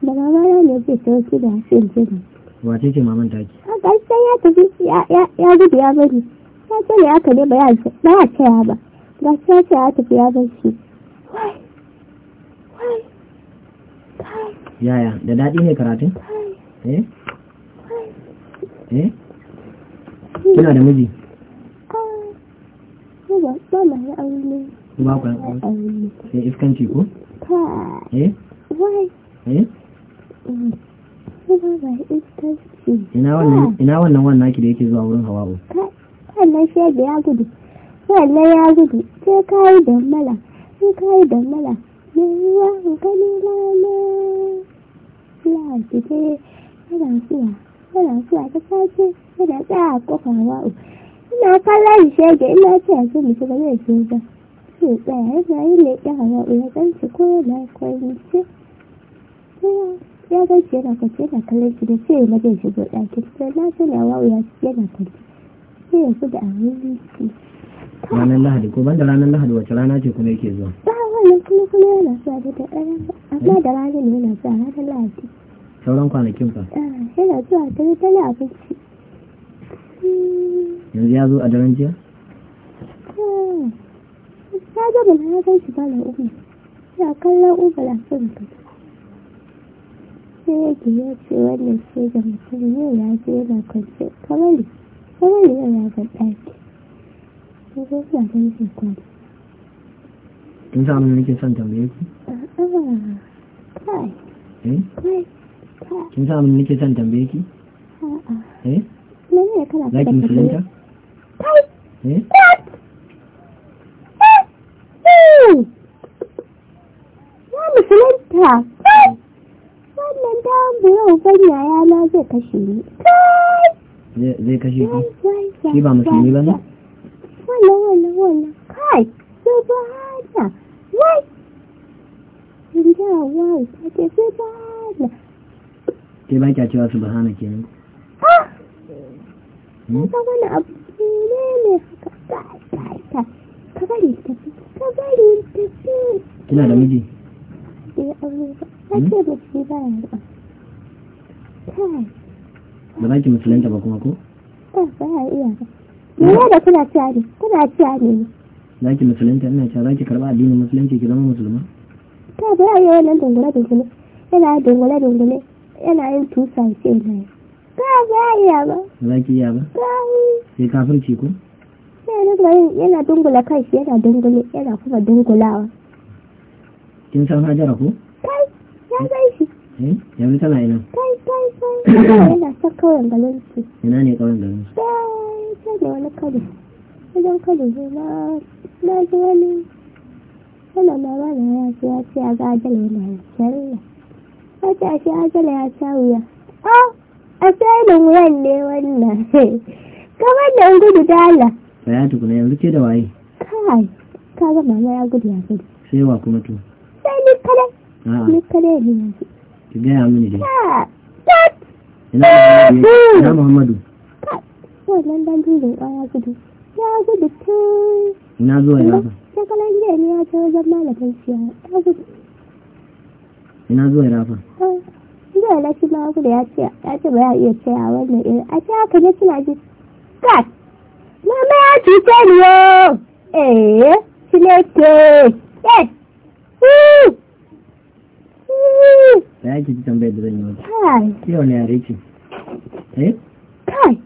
Speaker 2: da mama na ne ce sauki da hasin jini wace ce maman ta taki a gaskiya ya tafi ya gudu ya bari ya ce ne aka ne ba ya ce ya ba gaskiya ce ya tafi ya bar shi
Speaker 1: yaya da daɗi ne karatun? eh? eh? kina da miji? ba iskanci ko? eh? eh? ina wannan wannan ki da yake zuwa wurin hawa'u?
Speaker 2: wannan shi ya gudu wannan ya gudu sai kayi da mala sai ka yi dammala mai ruwa gani rana lafi ce yana zuwa yana zuwa ta sace yana tsaya kofar wa'u ina kallon shege ina ce a ce mutu ba zai ce ba sai tsaya yana yi leƙe hawa ya ganci ko yana ce ya ganci yana kwanci yana kallon shi da ce na zai shigo ɗakin sai na ce na wa'u ya yana kwanci sai ya fi da ce
Speaker 1: ranar lahadi ko banda ranar lahadi wace rana ce kuma yake zuwa ba
Speaker 2: wannan kuma kuma yana zuwa da da ƙarfi amma da ranar yana zuwa ranar lahadi
Speaker 1: sauran kwanakin fa ah,
Speaker 2: yana zuwa ta a abinci
Speaker 1: yanzu ya zo a daren jiya
Speaker 2: ah, ya zo bala na kai shi na uku ya kalla uku la sun ka sai yake ya ce wannan sai da mutum yau ya je yana kwance kamar kamar yau ya ga ɗaki kin
Speaker 1: sa mun nake son tambaye ku eh kin sa mun nake son tambaye ki eh
Speaker 2: menene kana like musulunta eh ya musulunta wannan dawon buron fanya yana zai kashe ni zai kashe ki shi ba musulmi ba ne wala wala wala kai sai ba hada wai inda wai kake ce sai ba hada
Speaker 1: ke ba kya cewa subhana kenan
Speaker 2: ha ta hmm? wani abu ne ne haka kai kai ka bari ta ka bari ta kina da miji eh aure ba hmm? ce ba ce ba yanzu
Speaker 1: ba za ki musulunta ba kuma ko?
Speaker 2: Ba za a iya ba. Ina da kuna cewa ne, kuna cewa ne.
Speaker 1: Za ki musulunta ina cewa za ki karɓa addinin musulunci ki zama musulma?
Speaker 2: Ta ba ya wannan dungule dungule, yana dungule dungule, yana yin tusa ya ce ne. Ka ba iya ba.
Speaker 1: Za ki iya ba? Ka Sai kafirci ko?
Speaker 2: yana dungula kai shi yana dungule yana kuma dungulawa.
Speaker 1: Kin san Hajara ko? Kai, ya gai shi. Eh, yanzu tana ina. Kai, kai, kai. Yana
Speaker 2: ta kauyen garin su.
Speaker 1: Ina ne kauyen garin su?
Speaker 2: sai da wani kado wajen kado zai na na ji wani yana labarin ya ce ya ce ya ga ajala yana ya shari'a ya ce a ce ajala ya sha wuya a a sanin wuyan ne wannan kamar da in gudu dala ka
Speaker 1: ya tukuna yanzu ke da waye
Speaker 2: kai ka ga mama ya gudu ya gudu
Speaker 1: sai wa kuma to
Speaker 2: sai ni kada ni kada ne
Speaker 1: ki ga ya mini dai ina Muhammadu
Speaker 2: wannan dan dubin ya gudu ya gudu tun
Speaker 1: na zuwa ya ba
Speaker 2: shekalan jiya ne ya ce wajen malamin siya ya gudu
Speaker 1: ina zuwa ya ba
Speaker 2: ah, jiya na shi ma gudu ya ce ya ce ba ya iya ce a wannan irin a ce haka ne suna ji kat mama ya cuce ni yo eh sineke eh
Speaker 1: Ya ki ji tambayar da zan yi wata. Kai. Yau ne yare ce. Eh? Kai.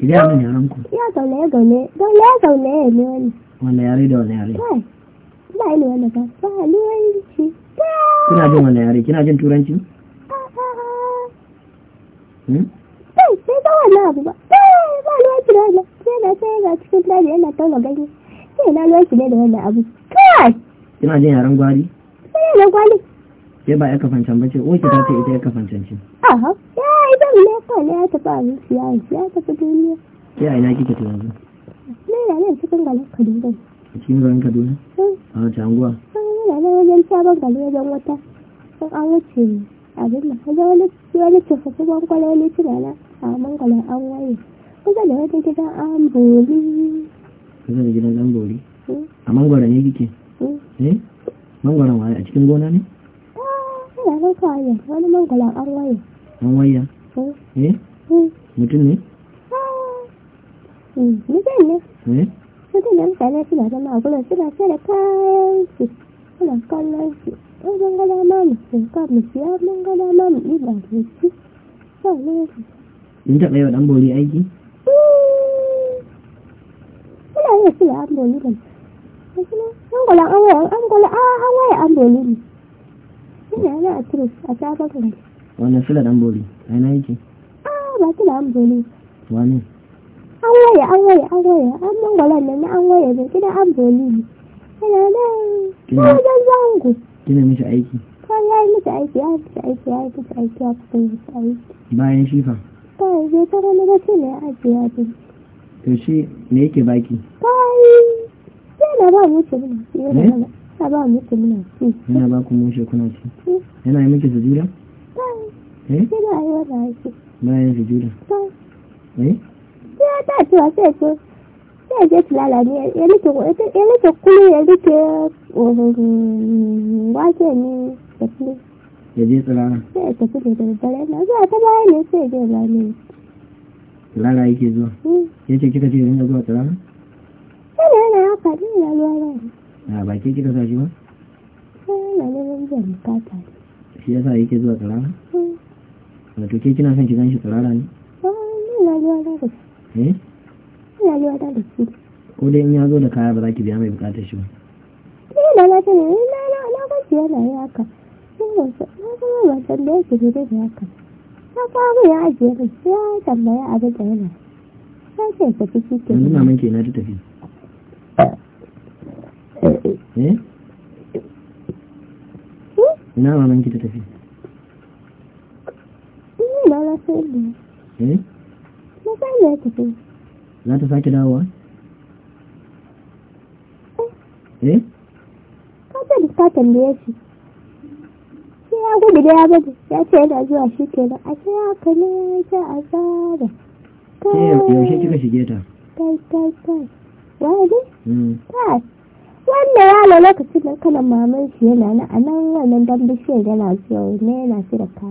Speaker 1: ki gaya min yaran ku
Speaker 2: ya zaune ya zaune don ya zaune ya ne wani
Speaker 1: wanda yare da wanda yare
Speaker 2: ba ni wanda ba ba luwanci
Speaker 1: kina jin wanda yare kina jin turanci sai ah, ah, ah. hmm?
Speaker 2: sai ga wannan abu ba ba luwanci da wannan sai na sai ga cikin daji yana tauna ganye sai na luwanci da wannan abu kai
Speaker 1: kina jin yaran gwari
Speaker 2: sai yaran gwari
Speaker 1: ke ba ya kafancan ba ce oke ta ce ita ya kafancan ce
Speaker 2: aha ya ita ne ko ne ya tafi a zuciya ya tafi duniya
Speaker 1: ke a ina kike yanzu
Speaker 2: ne na nan cikin garin kaduna
Speaker 1: cikin garin kaduna hmm. a wace anguwa hmm,
Speaker 2: yana nan wajen sabon gari wajen wata sun an wuce abin da kaga wani wani tafafi gwangwaloli tunana a mangwalon an waye kusa da wata gidan an boli
Speaker 1: kusa da gidan an boli hmm. a mangwara ne kike eh mangwaron waye a cikin gona ne
Speaker 2: Ina nan kawai wani mangwalan an waye.
Speaker 1: An waya? Eh? Mutum ne?
Speaker 2: Mutum ne. Eh? Mutum ne mutane suna zama a gurin suna sai da kayan su suna kallon su. In zan gada ma mu sinka mu siya mun gada ma mu ɗiba ne su.
Speaker 1: Kin taɓa yi ɗan bori aiki?
Speaker 2: Ina yin siya an bori ne. Wasu an gwala an waya an ah, waya an bori ne. ina yana a turu a sabakan
Speaker 1: wanda sula dan bori a yana yake
Speaker 2: ah ba sula dan bori wani an waya an waya an waya an mangwalan na an waya ne gidan an boli ne yana nan wajen zango
Speaker 1: kina mishi aiki
Speaker 2: ko ya yi mishi aiki ya yi fita aiki ya yi fita aiki ya fita mishi aiki
Speaker 1: bayan shi fa
Speaker 2: kawai zai ta wani bacci ne a ajiye ya fi
Speaker 1: to shi me yake baki
Speaker 2: kawai yana ba mutum yana ba ya ba muku muna ci
Speaker 1: yana ba ku mushe kuna ci yana yi miki sujuda eh
Speaker 2: yana
Speaker 1: yi sujuda eh
Speaker 2: ya ta ce wa sai ce sai je tilala ne ya rike ya rike kulu ya rike mm, wake ne da kulu ya je sai ya tafi da daddare na zuwa ta ne sai
Speaker 1: je yake zuwa hmm. ce kika ce ya rinka zuwa sai da
Speaker 2: yana haka ne
Speaker 1: na baki kika sa shi ba?
Speaker 2: na ganin zan bukata
Speaker 1: shi yasa yake zuwa tsirara? Hmm. wato ke kina son ki shi tsirara ne? Ah,
Speaker 2: ina zuwa da shi eh? ina zuwa da shi
Speaker 1: ko dai in ya zo da kaya ba za ki biya mai bukatar shi ba?
Speaker 2: ina na ta ne na na na ba shi yana yi haka na kuma ba san da yake da da haka na kwamu ya ajiye da ya tambaya abin da yana ya ce ka fi shi ke yanzu maman
Speaker 1: ke na ta tafi Eh? ina maman tafi
Speaker 2: hmm, da eh ba ya tafi
Speaker 1: ta sake dawowa
Speaker 2: eh ka da ya gudu da ya gudu ya ce yana zuwa shi ke a ce ya kane ta a eh, yaushe kika shige ta kai kai kai wani? Hmm. kai wanda ya lalata cikin kanan maman shi yana na a nan wannan dan bishiyar yana zuwa ne yana shi da ka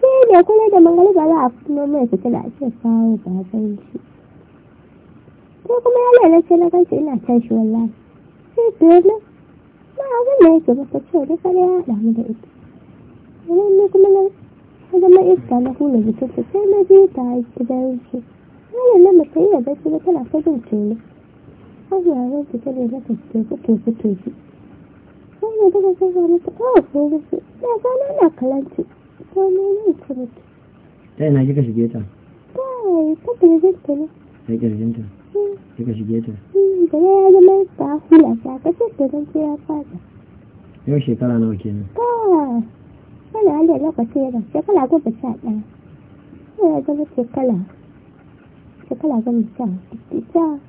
Speaker 2: sai ne kula da mangala ba za a fito mai fita da ake kawo baban shi ko kuma ya lalace na kanci ina shi wallahi sai birnin ma abin da yake ba ta ce da kare ya damu da ita wannan ne kuma na ga ma iska na hula jikinsa sai na je ta gidan shi wannan ne mutum ya gaci ba tana ta jin tuni sauraren su ta lura ka tofi tofi tofi sai ne daga zaga mata awa ko rufe na gano na kalanci ta nuna kurutu
Speaker 1: ta yana kika shige ta
Speaker 2: ta yi ta kirjinta ne
Speaker 1: ta kirjinta kika shige ta
Speaker 2: da ya zama ta hula ta kashe ta don ce ya fada.
Speaker 1: yau shekara nawa kenan
Speaker 2: ta wani wanda lokaci ya ba shekara goma sha ɗaya ya zama shekara shekara goma sha ɗaya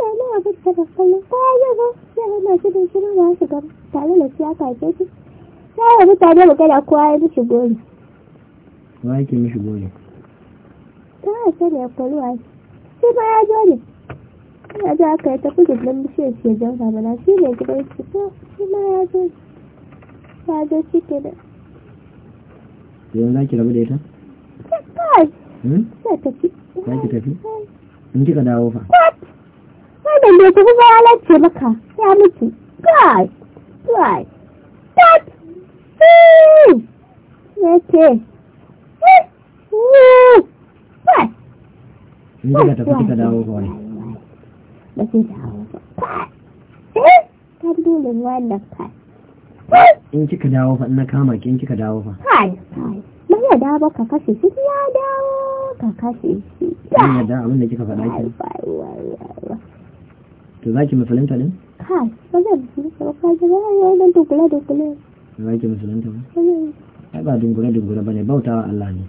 Speaker 2: yana nawa fuskar ta yaba ya hana shi da shirin ba su gaba tare da shi aka ce shi ya yi mutane magana kowa ya mishi gori
Speaker 1: ba yake mishi gori
Speaker 2: ta hasa da ya shi ma ya zo ne ina da aka yi ta kudu don bishiyar shi ya mana shi ne gidan shi ko shi ma ya zo ne ya zo shi ke da
Speaker 1: yanzu za ki rabu da ita? Kai! Hmm? Za ta tafi. Za ki tafi? In kika dawo fa?
Speaker 2: da ne tafi ba halarce maka ya miki. God, God, God, ya ce,
Speaker 1: Ni kika dawo ba wani.
Speaker 2: Ba ta ba. dole wannan
Speaker 1: In kika dawo fa na kama ki in kika dawo fa.
Speaker 2: Kai, kai. ba ya dawo ka kashe shi ya dawo ka kashe shi. ya
Speaker 1: dawo abin da kika faɗa
Speaker 2: ki.
Speaker 1: to zaki musulunta ne
Speaker 2: ha ba zan musulunta ba kaji ba yau dan dukule dukule
Speaker 1: zaki musulunta ba ai ba ba ne bauta wa Allah ne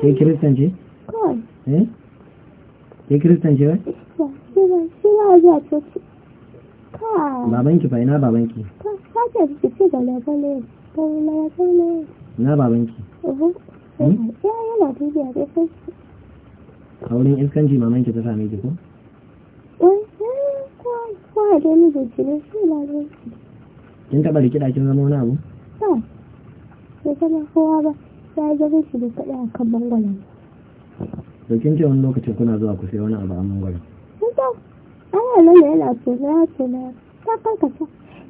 Speaker 1: ke kiristan ce kawai eh ke kiristan ce ba? shi
Speaker 2: ba a zuwa coci
Speaker 1: babanki fa ina babanki
Speaker 2: ka ce rikici ga labale ta labale ina babanki hmm? ya yi yana dubiya dai sai
Speaker 1: a wurin iskanci mamanki ta same ki ko
Speaker 2: ba da ni da ne, shi na ne
Speaker 1: kin taba rikida kin zama wani abu
Speaker 2: ba ya kana kowa ba ya zama shi da kada akan bangon
Speaker 1: to kin ce wani lokacin kuna zuwa ku sai wani abu a bangon
Speaker 2: ana lalla yana tsona tsona ta karkata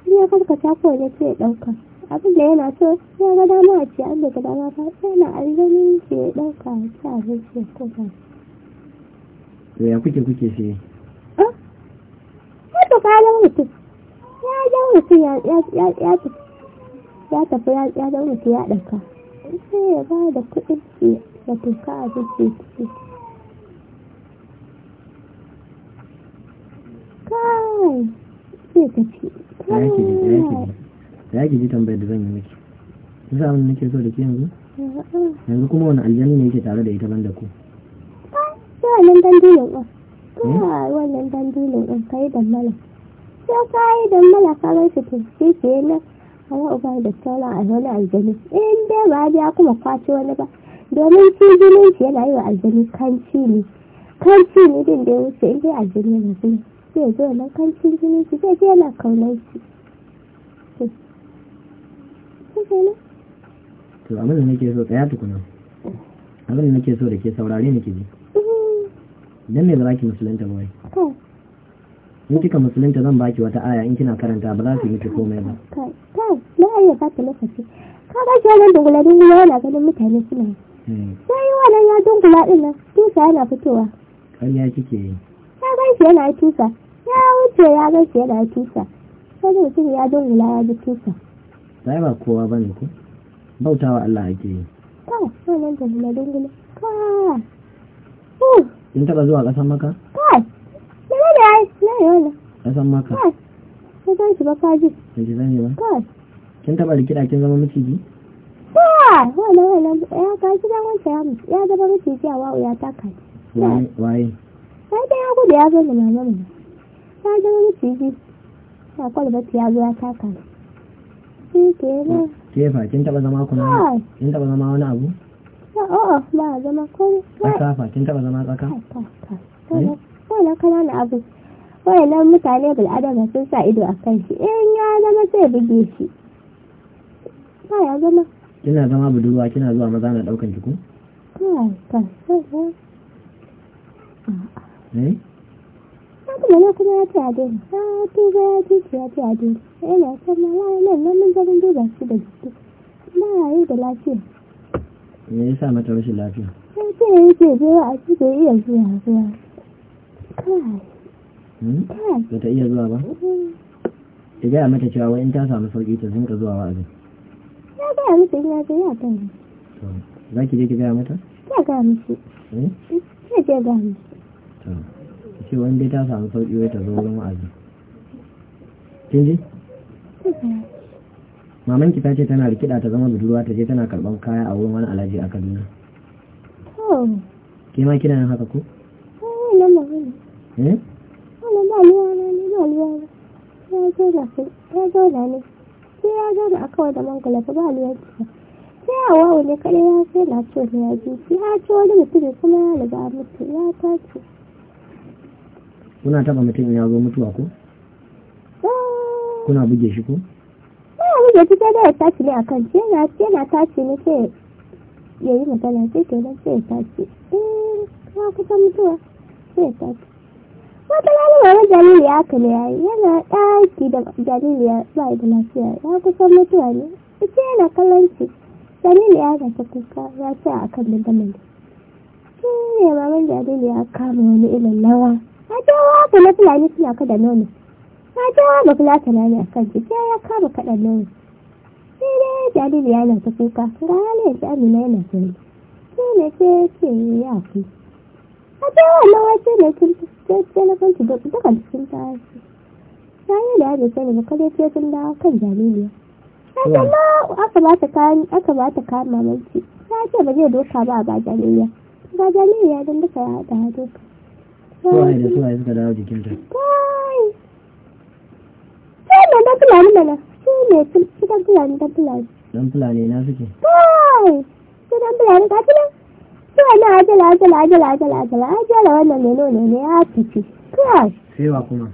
Speaker 2: ya karkata ko ya ce dauka abin da yana so ya ga dama a ce an daga dama ba yana alzamin ce ya dauka ya ce abin ko ba
Speaker 1: ya kuke kuke sai
Speaker 2: haka kalan mutum ya dan mutum ya ya ya ya tafi ya ya mutum ya ɗauka sai ya ba da kuɗin ki da tuka a zuci ki kai sai tafi
Speaker 1: ya ji tambayar da zan yi miki nake so da ke
Speaker 2: yanzu
Speaker 1: kuma wani aljanu ne yake tare da ita ban da ku
Speaker 2: ya nan ba kuma wannan dandilin in kai da mala sai ka yi da mala ka bai su tafi ke nan wani uba da taula a wani aljani in dai ba biya kuma kwace wani ba domin shi jinin shi yana yi wa aljani kanci ne kanci ne din da ya wuce in dai aljani yana zuwa zai zo na kancin jinin shi zai je yana kaunar shi
Speaker 1: to abin da nake so tsaya tukuna abin da nake so da ke saurare nake ji dan me ba ki musulunta ba in kika musulunta zan baki wata aya in kina karanta ba za su miki komai ba
Speaker 2: kai kai na ayya ba ta lokaci ka ba ki wannan dungula dungula yana ganin mutane suna yi eh. sai wannan ya dungula din nan tusa yana fitowa
Speaker 1: ƙarya kike yi
Speaker 2: ya gaishe yana tusa ya wuce ya gaishe yana tusa sai mutum ya dungula ya ji tusa
Speaker 1: sai ba kowa bane ko bautawa Allah ake yi
Speaker 2: kawai wannan dungula dungula kawai
Speaker 1: kin taba zuwa kasan maka
Speaker 2: kai ne ya yi kasan maka kai kai ba zan yi ba kai
Speaker 1: kin taba rikida kin zama miciji
Speaker 2: kai wala wala ya ka dan wanda ya mutu ya zama miciji a wawo ya taka
Speaker 1: waye waye
Speaker 2: da ya gudu ya zo da mama mu ya zama miciji ya kwalba ya zo ya taka
Speaker 1: kefa kin taba zama kuma kin taba zama wani abu
Speaker 2: a'a ba zama ko tsaka
Speaker 1: kin taba zama tsaka
Speaker 2: na eh? kanana abu wayannan mutane bil'adama sun sa ido a kan shi in ya zama sai buge shi ba ya zama
Speaker 1: kina zama budurwa kina zuwa maza na daukan jiko
Speaker 2: kai kai eh? kuma na kuma ya ce a dai ta tuba ya ce ya ce a dai yana san ma nan nan mun zaman duba shi da jiki ba yi da lafiya
Speaker 1: me ya sa mata rashin lafiya
Speaker 2: sai ce yake zuwa a cikin iya zuwa zuwa hmm?
Speaker 1: kai ba ta iya zuwa ba ta
Speaker 2: mm-hmm.
Speaker 1: gaya mata cewa wa'in ta samu sauƙi ta zinka zuwa wa'azi
Speaker 2: na gaya mata ina zai ya ta yi.
Speaker 1: za ki je ki gaya mata
Speaker 2: Ya gaya mata hmm? ya je gaya mata
Speaker 1: ce wani dai ta samu sauƙi wai ta zo wurin wa'azi kin ji? maman ki ta ce tana rikida ta zama budurwa ta je tana karban kaya a wurin wani alhaji a kaduna oh. ke ma kina yin haka ko
Speaker 2: eh, eh? yawa ne kaɗai ya aka wani sai na ce ne ya ji ya ce wani mutum kuma ya riga mutu ya tace
Speaker 1: kuna taba mutum ya zo mutuwa ko oh. kuna buge shi ko
Speaker 2: hau da fita da ya tashi ne akan ce na ce na tashi ne ke ya yi magana sai ke nan sai ya tashi eh ya kusa mutuwa sai ya tashi wata lalura wani jariri ya haka ne yana ɗaki da jariri ya ba da lafiya ya kusa mutuwa ne ita yana kallon ci jariri ya ga ta kuka ya ce a kan dandamalin shi ne maman jariri ya kama wani ilin lawa a jawo haka na fulani suna kada nono ya jawo ba na ne a kan jiki ya kama kaɗan nan sai dai jariru ya na ta kuka ga halayen ta amina yana sauri sai ne ce ce ya fi a jawo na ce ne sun ce na kan tuba dukan cikin tashi yi da ya bai sani ba kada ce sun kan jariru amma aka ba ta kayan aka ba ta kayan mamaki ya ce ba zai doka ba a ba ya ga jariru ya don duka ya haɗa doka. Kowa ne
Speaker 1: da suka dawo jikinta.
Speaker 2: Sai mai da fulani mana, shi mai gidan fulani da fulani.
Speaker 1: Dan fulani na suke.
Speaker 2: Kai, gidan fulani ka tuna? Sai wani ajala ajala ajala ajala ajala ajala wannan meno ne ne ya fice. Kai. Sai wa kuma.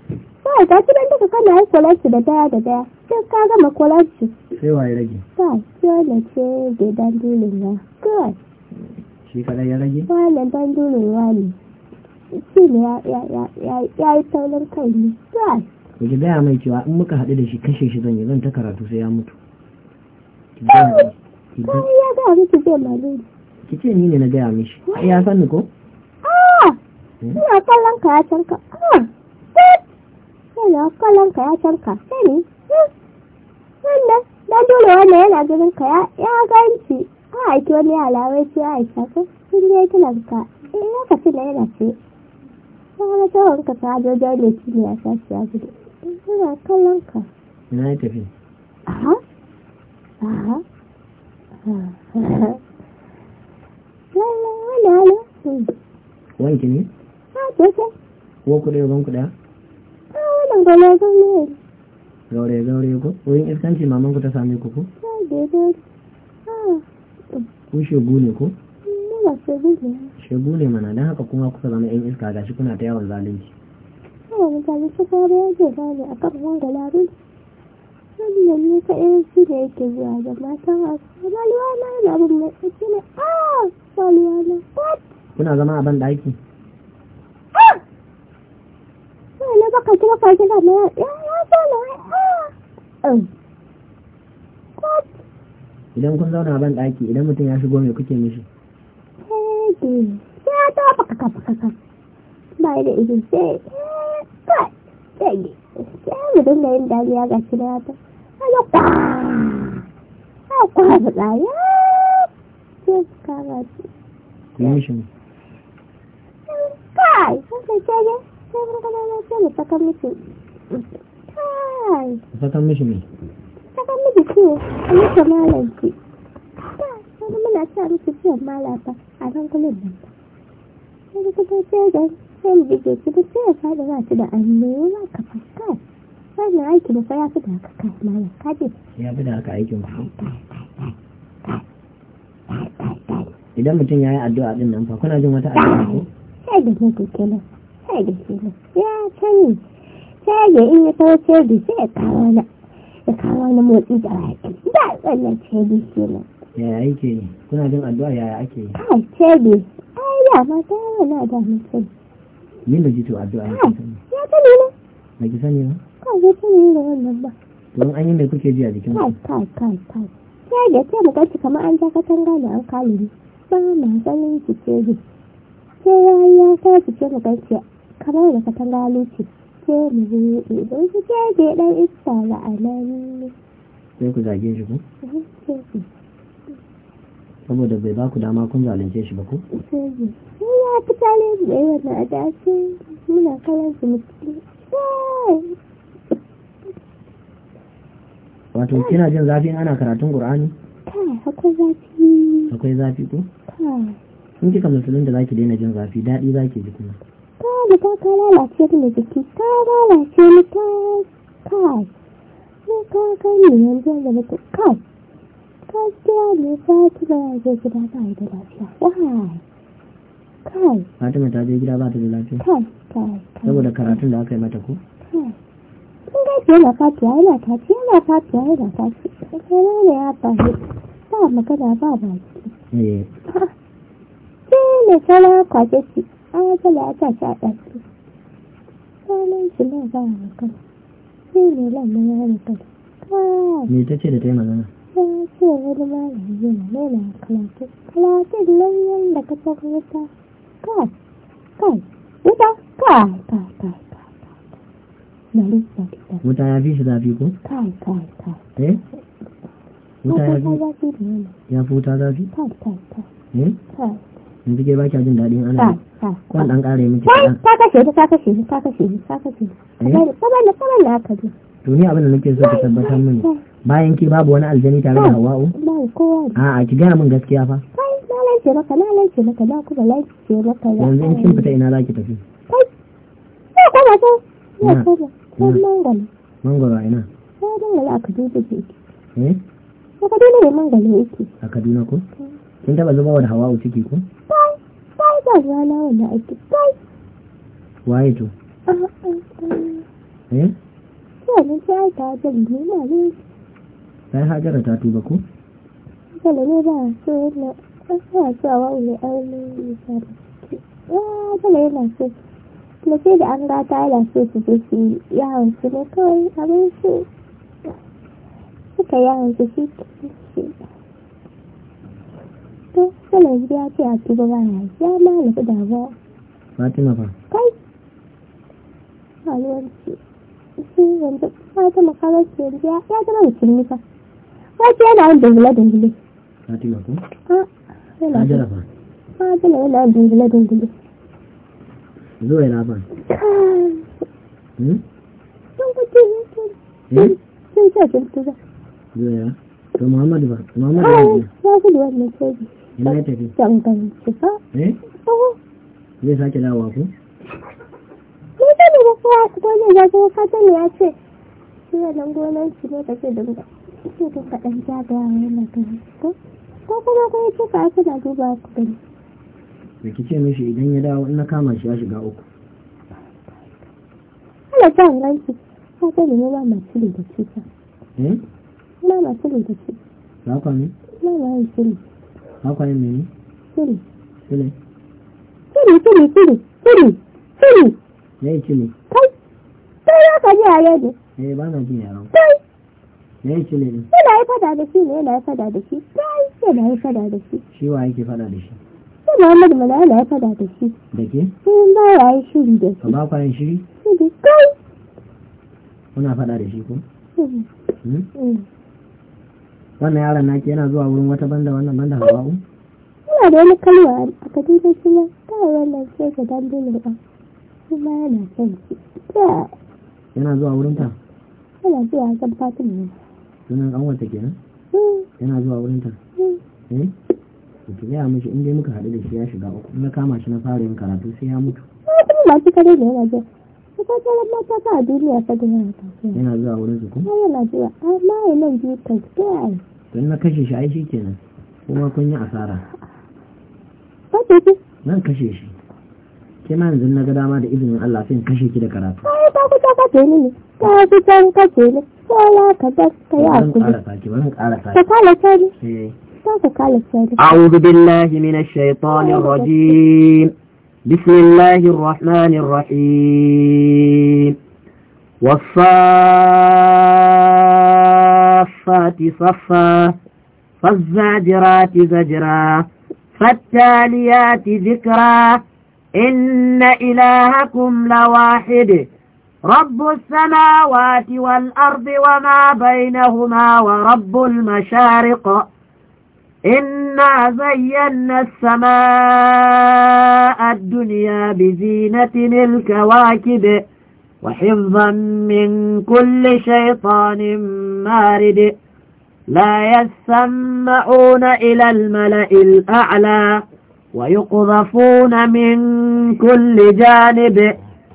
Speaker 2: Kai, ka tuna duka kana yi kwalarci da daya da daya. Sai ka gama kwalarci. Sai wa ya rage. Kai, sai na ce gidan dulin ya. Kai.
Speaker 1: Shi kadai ya rage?
Speaker 2: Wannan dan dulin wa ne. Shi ne ya yi taurin kai ne. Kai.
Speaker 1: ku ji gaya mai cewa in muka haɗu da shi kashe shi zan yi zan ta karatu sai ya mutu ki ce ni ne na gaya mishi ai ya san ni ko ah! eh?
Speaker 2: ina kallon ka ya canka ah! ina ka ya canka sai hmm? wannan dan dole wannan yana ganin ka ya ganci a aiki wani ce a aiki. sun je ka eh, lokacin da yana ce wani tsohon ka ta jojo ne ne a sashi ya gudu Ina kallon ka.
Speaker 1: Ina ya tafi? Aha.
Speaker 2: Aha. Lala, wala, wala. Wanki ne? Ha, kusa.
Speaker 1: Ko kuɗe ban kuɗa?
Speaker 2: Ha, wannan gwala zan ne.
Speaker 1: Gaure, gaure ko? Wurin iskanci mamanku ta same ku ko?
Speaker 2: Ha, daidai. Ha.
Speaker 1: Ku shegu ne ko?
Speaker 2: Muna shegu ne.
Speaker 1: Shegu ne mana, don haka kuma kusa zama 'yan iska gashi kuna ta yawan zalunci.
Speaker 2: wa mutane su kare yake gane a kan wanga larun wannan ne ka kaɗai shi da yake zuwa da mata wasu maluwa na yana abin mai tsaki ne ah maluwa na what
Speaker 1: kuna zama a ban aiki ah sai na baka kira ka kira na ya
Speaker 2: ya so na
Speaker 1: ah what idan kun zauna a ban ɗaki idan mutum ya shigo mai kuke mishi
Speaker 2: ya ta baka kafa kafa ba da izin sai kai sai mu dinga yin dariya ga shi da yata ana kwa a kwa buɗa ya ce kara kai sun kai ce ne sai mun gaba na ce mu saka kai saka miki me saka miki ce a yi kamalan Kai! wani muna sa miki ciyar malata a nan kulin Kai! Wani kuma sai sai zan buge ki duk sai ya faɗi ba shi da allo ba ka fuska wannan aiki ba fa ya fi da haka kai ma ya je
Speaker 1: ya fi da haka aikin ba idan mutum ya yi addu'a din nan fa kuna jin wata addu'a ko
Speaker 2: sai da ke kela sai da kela ya sani sai ya in ya kawo sai da sai ya kawo na ya kawo na motsi da waki ba tsallan sai da kela yaya ake yi kuna jin addu'a yaya ake yi kai sai da ai ya ma sai na da mutum
Speaker 1: yin ji jito addu'a ne ya sani
Speaker 2: ne ba ki sani ba kan ji sani da wannan ba
Speaker 1: don an yi mai kuke
Speaker 2: ji a jikin ku. kai kai kai kai sai da ce mu gaci kamar an ja katanga da an kalibi ba ma sanin ki ce ji sai ya sai ki ce mu gaci kamar da katanga luci sai mu yi idan ki ce ji dan iska la'anani
Speaker 1: sai ku zage shi ko saboda bai ba ku dama kun zalunce shi ba ko
Speaker 2: ya fi da yawan na muna su mutu
Speaker 1: wato kina jin zafi ana karatun qur'ani
Speaker 2: akwai zafi
Speaker 1: akwai zafi ko in kika musulun da zaki daina jin zafi daɗi zaki ji kuma
Speaker 2: ta da ta lalace da jiki ta lalace ni ta kai ne ka kai ne yanzu da mutu kai ta kira ne ya gida ba da lafiya wahai kai
Speaker 1: fatima ta je gida ba ta da lafiya kai
Speaker 2: kai saboda
Speaker 1: karatun da aka yi mata ko
Speaker 2: kai kun ga yana fatiya yana tafi yana fatiya yana tafi sai ne ya fahi ba magana ba baki eh ah. sai ne sala kwaje ci an sala ta ci a ɗaki sanin shi ne ba kan, sai ne lalle ya rikar me ta ce da ta yi magana ce wani malami yana nuna kalatun kalatun nan yadda wuta kai wuta
Speaker 1: ya fi shi zafi ko?
Speaker 2: kai wuta ya fi
Speaker 1: ya fi wuta zafi?
Speaker 2: kai kai
Speaker 1: ke baki jin daɗin ɗan ta ta ta bayan ki babu wani aljani tare da hawa'u a a ki gaya min gaskiya fa
Speaker 2: Kai na lance maka Na lance maka na kuma lance maka ya yanzu in kin fita
Speaker 1: ina za ki tafi kai ya koma so ya koma ko mangwalo mangwalo a ina
Speaker 2: ya dangala a kaduna ke eh a kaduna ne mangwalo yake
Speaker 1: a kaduna ko kin taba zuba wa da hawa'u ciki ko kai
Speaker 2: kai ba zuwa na wannan aiki kai
Speaker 1: waye to eh
Speaker 2: ya ne ta ta jin ne ne
Speaker 1: sai hajara ta tuba ko
Speaker 2: kala ba so na asa so wa ta ah kala yana so kuma sai da an gata yana so su su yawon su ne kawai abin su suka yawon su to kala ya ce a tuba ba ya ya ma na fi damuwa
Speaker 1: fatima ba kai
Speaker 2: a ce shi yanzu ya zama mutum ne ya ce yana wani dangula dangule fatima ko hajara fa hajara yana wani dangula dangule
Speaker 1: zuwa yana fa sun
Speaker 2: fa ko ko da ba ne ya ce, ka ne ya ce kike da kaɗan zagaya mai magana ko kuma ko yake ka aka da duba ku gani
Speaker 1: da kice mishi idan ya dawo in kama shi ya shiga uku
Speaker 2: ana sa ranci ko ta eh? ne ba ma cire da cika eh ba ma cire da cika ba kwa ne ma yi cire
Speaker 1: ba kwa ne cire cire
Speaker 2: cire cire cire cire
Speaker 1: cire ne cire kai
Speaker 2: sai ya kaji a yadda
Speaker 1: eh ba na jin yaron kai yana yi
Speaker 2: fada da shi ne yana yi fada da shi ta yi yana yi fada da shi
Speaker 1: shi wa yake fada da shi
Speaker 2: sai muhammadu mana yana yi fada da shi da ke sun ba ya yi shiri da shi ba
Speaker 1: kwayan shiri shiri kai kuna fada da shi ko
Speaker 2: hmm? Hmm.
Speaker 1: wannan yaron naki yana zuwa wurin wata banda wannan banda hawa'u
Speaker 2: yana da wani kalwa a kaduna shi ma ta wannan sai ka dan dole ba shi ma yana son shi
Speaker 1: yana zuwa wurin ta
Speaker 2: yana zuwa kan fatin ne
Speaker 1: sunan anwanta kenan yana zuwa wurin ta eh to ya mushi in dai muka haɗu da shi ya shiga uku na kama shi na fara yin karatu sai ya mutu
Speaker 2: masu kare da yana zuwa ta tsarar ta ta duniya ta gina ta yana
Speaker 1: zuwa wurin su kuma
Speaker 2: yana zuwa amma ya nan biyu ta ta yi
Speaker 1: don na kashe shi ai shi kenan kuma kun yi asara ce shi nan kashe shi ke yanzu na ga dama da izinin Allah sai in kashe ki da karatu
Speaker 2: ai ta ku ta kashe ni ne ta fi can kake ne kola ka daska ya kuma ka kala sani ka kala sani a'udhu
Speaker 1: billahi minash shaitanir rajim بسم الله الرحمن الرحيم والصافات صفا فالزاجرات زجرا فالتاليات ذكرا إن إلهكم لواحد رب السماوات والأرض وما بينهما ورب المشارق إنا زينا السماء الدنيا بزينة الكواكب وحفظا من كل شيطان مارد لا يسمعون إلى الملأ الأعلى ويقذفون من كل جانب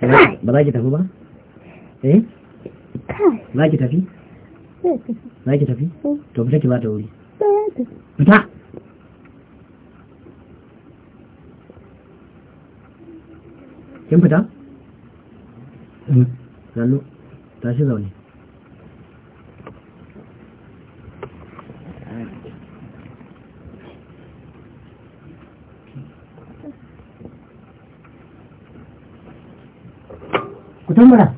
Speaker 1: ba za ki tafi ba eh za ki tafi za ki tafi to fita ki ba ta wuri fita kin fita Zannu, sannu tashi zaune samura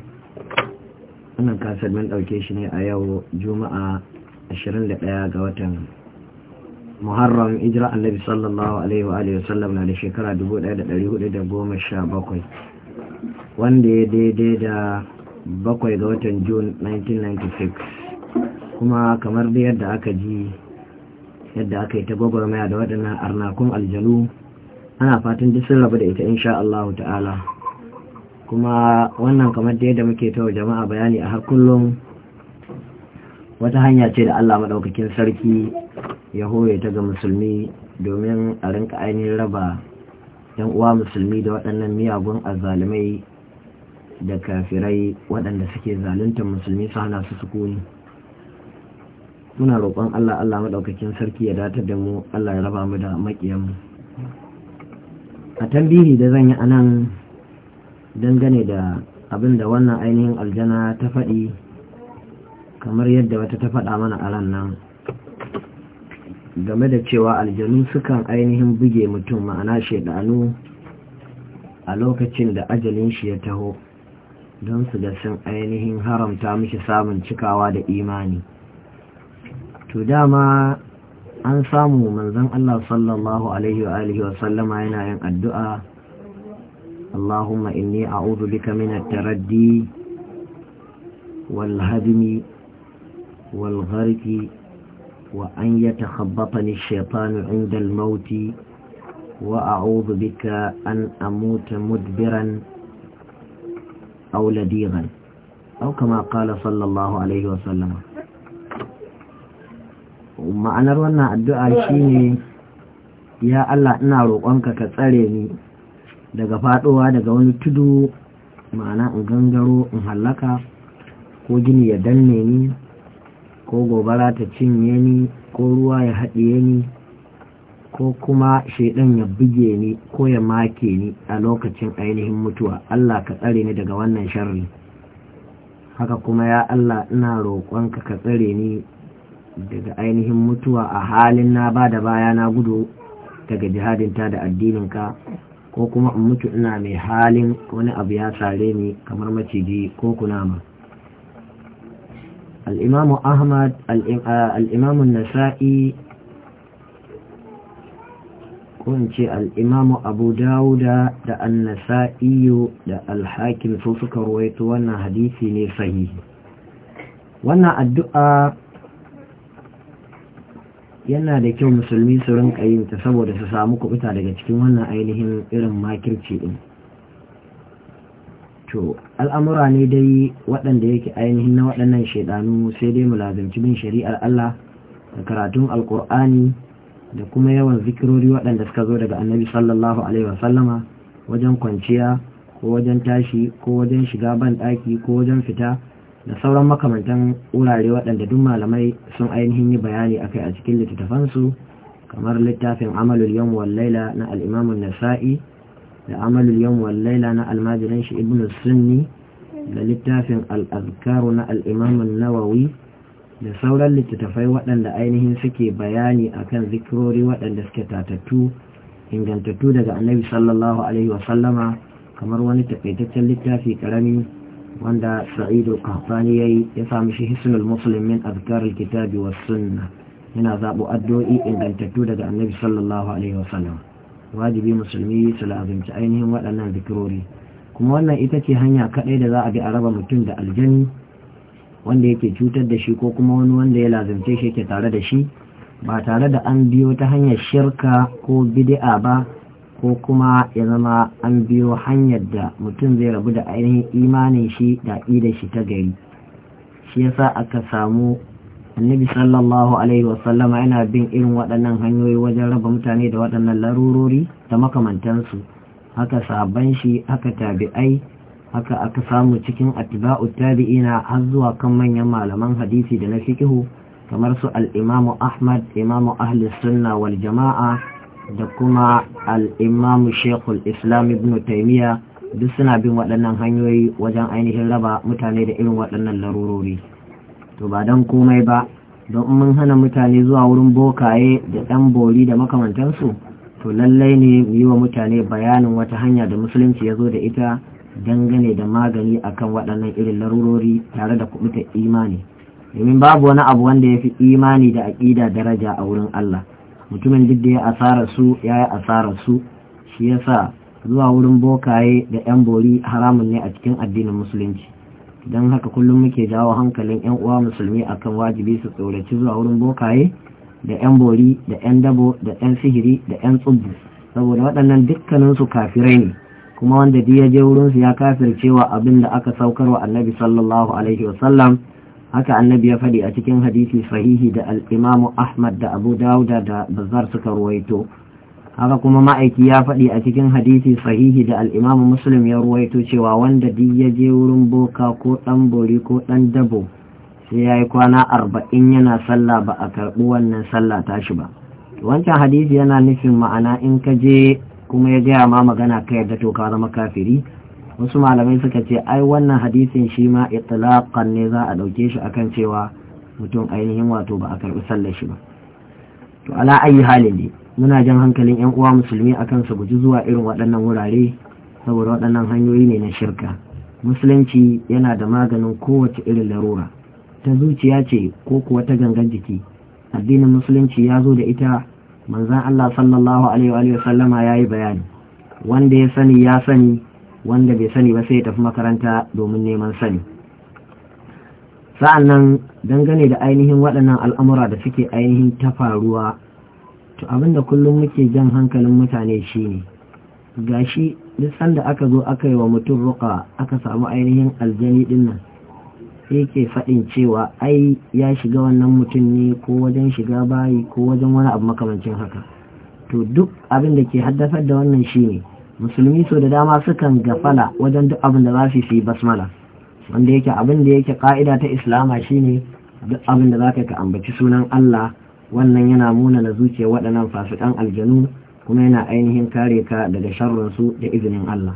Speaker 1: wannan kasar min ɗauke shi ne a yau juma'a 21 ga watan muharram ijira annabi sallallahu alaihi wa alihi wasallam na da shekara 1417 wanda ya daidai da bakwai ga watan june 1996 kuma kamar da yadda aka ji yadda aka yi ta gwagwarmaya da waɗannan arnakun aljanu ana fatan duk rabu da ita insha Allah ta'ala kuma wannan kamar da yadda muke tawo jama'a bayani a har kullum wata hanya ce da Allah Maɗaukakin sarki ya hore ta ga musulmi domin a rinka ainihin raba yan uwa musulmi da waɗannan miyagun azzalumai da kafirai waɗanda suke zalunta musulmi su hana su sukuni muna roƙon Allah Allah Maɗaukakin sarki ya datar da mu Allah ya raba mu da maƙiyanmu a tambihi da zan yi anan dangane da abin da wannan ainihin aljana ta faɗi kamar yadda wata ta faɗa mana a ran nan game da cewa aljanu sukan ainihin buge mutum ma'ana shaidanu a lokacin da ajalin shi ya taho don su da sun ainihin haramta mishi samun cikawa da imani to dama an samu manzon Allah sallallahu alaihi wa alihi wa sallama yana yin addu'a اللهم إني أعوذ بك من التردي والهدم والغرق وأن يتخبطني الشيطان عند الموت وأعوذ بك أن أموت مدبرا أو لديغا أو كما قال صلى الله عليه وسلم ma'anar wannan رونا الدعاء ya يا الله roƙonka ka tsare daga faɗowa daga wani tudu ma'ana in gangaro in hallaka ko gini ya danne ni ko gobara ta cinye ni ko ruwa ya haɗiye ni ko kuma shaidan ya buge ni ko ya make ni a lokacin ainihin mutuwa Allah ka tsare ni daga wannan sharri haka kuma ya Allah ina roƙonka ka tsare ni daga ainihin mutuwa a halin na ba da baya na gudu daga jihadinta da addininka ko kuma in mutu ina mai halin wani abu ya sare ni kamar maciji ko kunama al’imamu ahmad al’imamun nasa’i kunce al’imamu abu dauda da annasa’iyo da alhakin su suka ruwaito wannan hadisi ne sahihi wannan addu’a yana da kyau musulmi su rinka yin ta saboda su samu kubuta daga cikin wannan ainihin irin makirci din to al'amura ne dai waɗanda yake ainihin na waɗannan shaidanu sai dai mu lazimci bin shari'ar Allah da karatun alkur'ani da kuma yawan zikirori waɗanda suka zo daga annabi sallallahu alaihi sallama wajen kwanciya ko wajen tashi ko wajen shiga ban ɗaki ko wajen fita da sauran makamantan wurare waɗanda duk malamai sun ainihin yi bayani a kai a cikin littattafansu kamar littafin amalul yawm wal laila na al-imam nasai da amalul yawm wal na almajiran shi ibn sunni da littafin al na al nawawi da sauran littattafai waɗanda ainihin suke bayani akan zikirori waɗanda suke tatattu ingantattu daga annabi sallallahu alaihi wa kamar wani takaitaccen littafi karami wanda sa'idu kafani yayi ya sami shi hisnul muslim min azkaril kitabi was sunna yana zabo addu'o'i ingantattu daga annabi sallallahu alaihi wasallam wajibi musulmi su lazimci ainihin waɗannan zikirori kuma wannan ita ce hanya kaɗai da za a bi a raba mutum da aljani wanda yake cutar da shi ko kuma wani wanda ya lazimce shi yake tare da shi ba tare da an biyo ta hanyar shirka ko bid'a ba ko kuma ya zama an biyo hanyar da mutum zai rabu da ainihin imanin shi da aƙidar shi ta gari shi yasa aka samu annabi sallallahu alaihi wasallama yana bin irin waɗannan hanyoyi wajen raba mutane da waɗannan larurori da makamantansu haka sabon shi haka tabi'ai haka aka samu cikin tabi'i tabi'ina har zuwa kan manyan malaman hadisi da na fikihu kamar su al ahmad imamu ahli sunna wal jama'a da kuma al'imamu shekul islam ibn taimiyya duk suna bin waɗannan hanyoyi wajen ainihin raba mutane da irin waɗannan larurori to ba don komai ba don mun hana mutane zuwa wurin bokaye da ɗan bori da makamantansu to lallai ne mu yi wa mutane bayanin wata hanya da musulunci ya zo da ita dangane da magani akan waɗannan irin larurori tare da ta imani domin babu wani abu wanda ya fi imani da aƙida daraja a wurin Allah mutumin duk da ya asara su ya yi asara su shi yasa zuwa wurin bokaye da yan bori haramun ne a cikin addinin musulunci don haka kullum muke jawo hankalin yan uwa musulmi akan wajibi su tsoraci zuwa wurin bokaye da yan bori da yan dabo da yan sihiri da yan tsubbu saboda waɗannan dukkaninsu kafirai ne kuma wanda ya je wurinsu ya kafircewa abin da aka saukar wa annabi sallallahu alaihi wasallam haka annabi ya faɗi a cikin hadisi sahihi da al'imamu ahmad da abu dauda da bazar suka ruwaito haka kuma ma'aiki ya faɗi a cikin hadisi sahihi da al'imamu muslim ya ruwaito cewa wanda duk ya je wurin boka ko ɗan bori ko ɗan dabo sai ya yi kwana arba'in yana sallah ba a karɓi wannan sallah tashi ba wancan hadisi yana nufin ma'ana in ka je kuma ya gaya ma magana ka yadda to ka zama kafiri wasu malamai suka ce ai wannan hadisin shi ma itlaqan ne za a ɗauke shi akan cewa mutum ainihin wato ba a karbi sallar shi ba to ala ayi halin ne muna jan hankalin yan uwa musulmi akan su guji zuwa irin waɗannan wurare saboda waɗannan hanyoyi ne na shirka musulunci yana da maganin kowace irin larura ta zuciya ce ko kuwa ta gangan jiki addinin musulunci ya zo da ita manzan Allah sallallahu alaihi wa sallama ya yi bayani wanda ya sani ya sani wanda bai sani ba sai ya tafi makaranta domin neman sani sa'an nan dangane da ainihin waɗannan al'amura da suke ainihin ta faruwa to abinda kullum muke jan hankalin mutane shine gashi duk sanda aka zo aka yi wa mutum ruka aka samu ainihin aljani din nan sai ke faɗin cewa ai ya shiga wannan mutum ne ko wajen shiga bayi ko wajen wani abu makamancin haka to duk abin da ke haddasar da wannan shine musulmi so da dama sukan gafala wajen duk abin da za su yi basmala wanda yake abin da yake ka'ida ta islama shine duk abin da za ka ambaci sunan Allah wannan yana muna na zuciya waɗannan fasikan aljanu kuma yana ainihin kare ka daga su da izinin Allah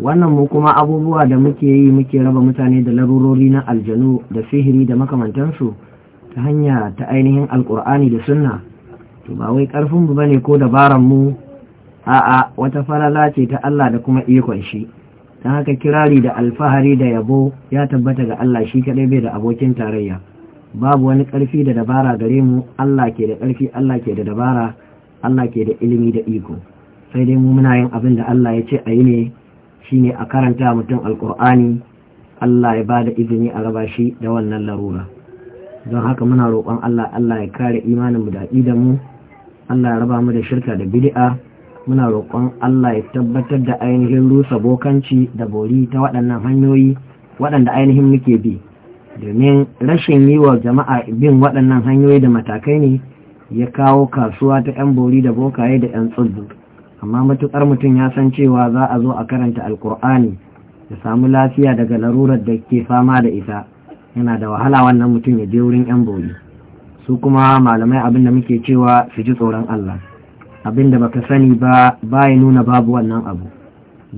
Speaker 1: wannan mu kuma abubuwa da muke yi muke raba mutane da larurori na aljanu da sihiri da makamantansu ta hanya ta ainihin alkur'ani da sunna to ba wai karfin mu bane ko dabaran mu a'a wata falala ce ta Allah da kuma ikon shi don haka kirari da alfahari da yabo ya tabbata ga Allah shi kaɗai bai da abokin tarayya babu wani ƙarfi da dabara gare mu Allah ke da ƙarfi Allah ke da dabara Allah ke da ilimi da iko sai dai mu muna yin abin da Allah ya ce a yi ne shine a karanta mutum alkur'ani Allah ya ba da izini a raba shi da wannan larura don haka muna roƙon Allah Allah ya kare imanin mu da mu Allah ya raba mu da shirka da bid'a muna roƙon Allah ya tabbatar da ainihin rusa bokanci da bori ta waɗannan hanyoyi waɗanda ainihin muke bi domin rashin yi wa jama'a bin waɗannan hanyoyi da matakai ne ya kawo kasuwa ta 'yan bori da bokaye da 'yan tsubu amma matuƙar mutum ya san cewa za a zo a karanta alkur'ani ya samu lafiya daga larurar da ke fama da ita yana da wahala wannan mutum ya je wurin 'yan bori su kuma malamai abinda muke cewa su ji tsoron Allah abinda baka sani ba baya nuna babu wannan abu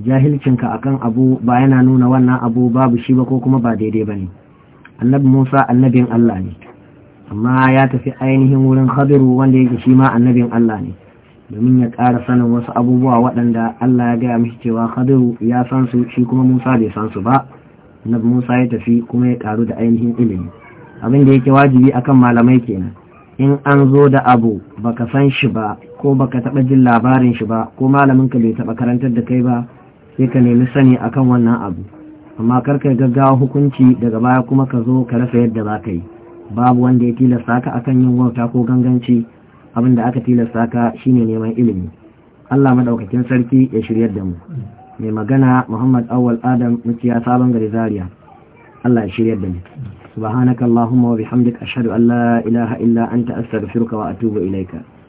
Speaker 1: jahilcinka akan abu ba yana nuna wannan abu babu shi ba ko kuma ba daidai ba ne annabi musa annabin allah ne amma ya tafi ainihin wurin hadiru wanda yake shi ma annabin allah ne domin ya ƙara sanin wasu abubuwa waɗanda allah ya gaya mishi cewa hadiru ya san su shi kuma musa bai san su ba annabi musa ya tafi kuma ya ƙaru da ainihin ilimi abin da yake wajibi akan malamai kenan in an zo da abu baka san shi ba ko baka taɓa jin labarin shi ba ko malamin ka bai taɓa karantar da kai ba sai ka nemi sani akan wannan abu amma kar ka gaggawa hukunci daga baya kuma ka zo ka rasa yadda ba ka yi babu wanda ya tilasta ka akan yin wauta ko ganganci abin da aka tilasta ka shine neman ilimi Allah madaukakin sarki ya shiryar da mu mai magana Muhammad Awwal Adam muciya sabon gari Zaria Allah ya shiryar da mu subhanakallahumma wa bihamdika ashhadu an la ilaha illa anta astaghfiruka wa atubu ilaika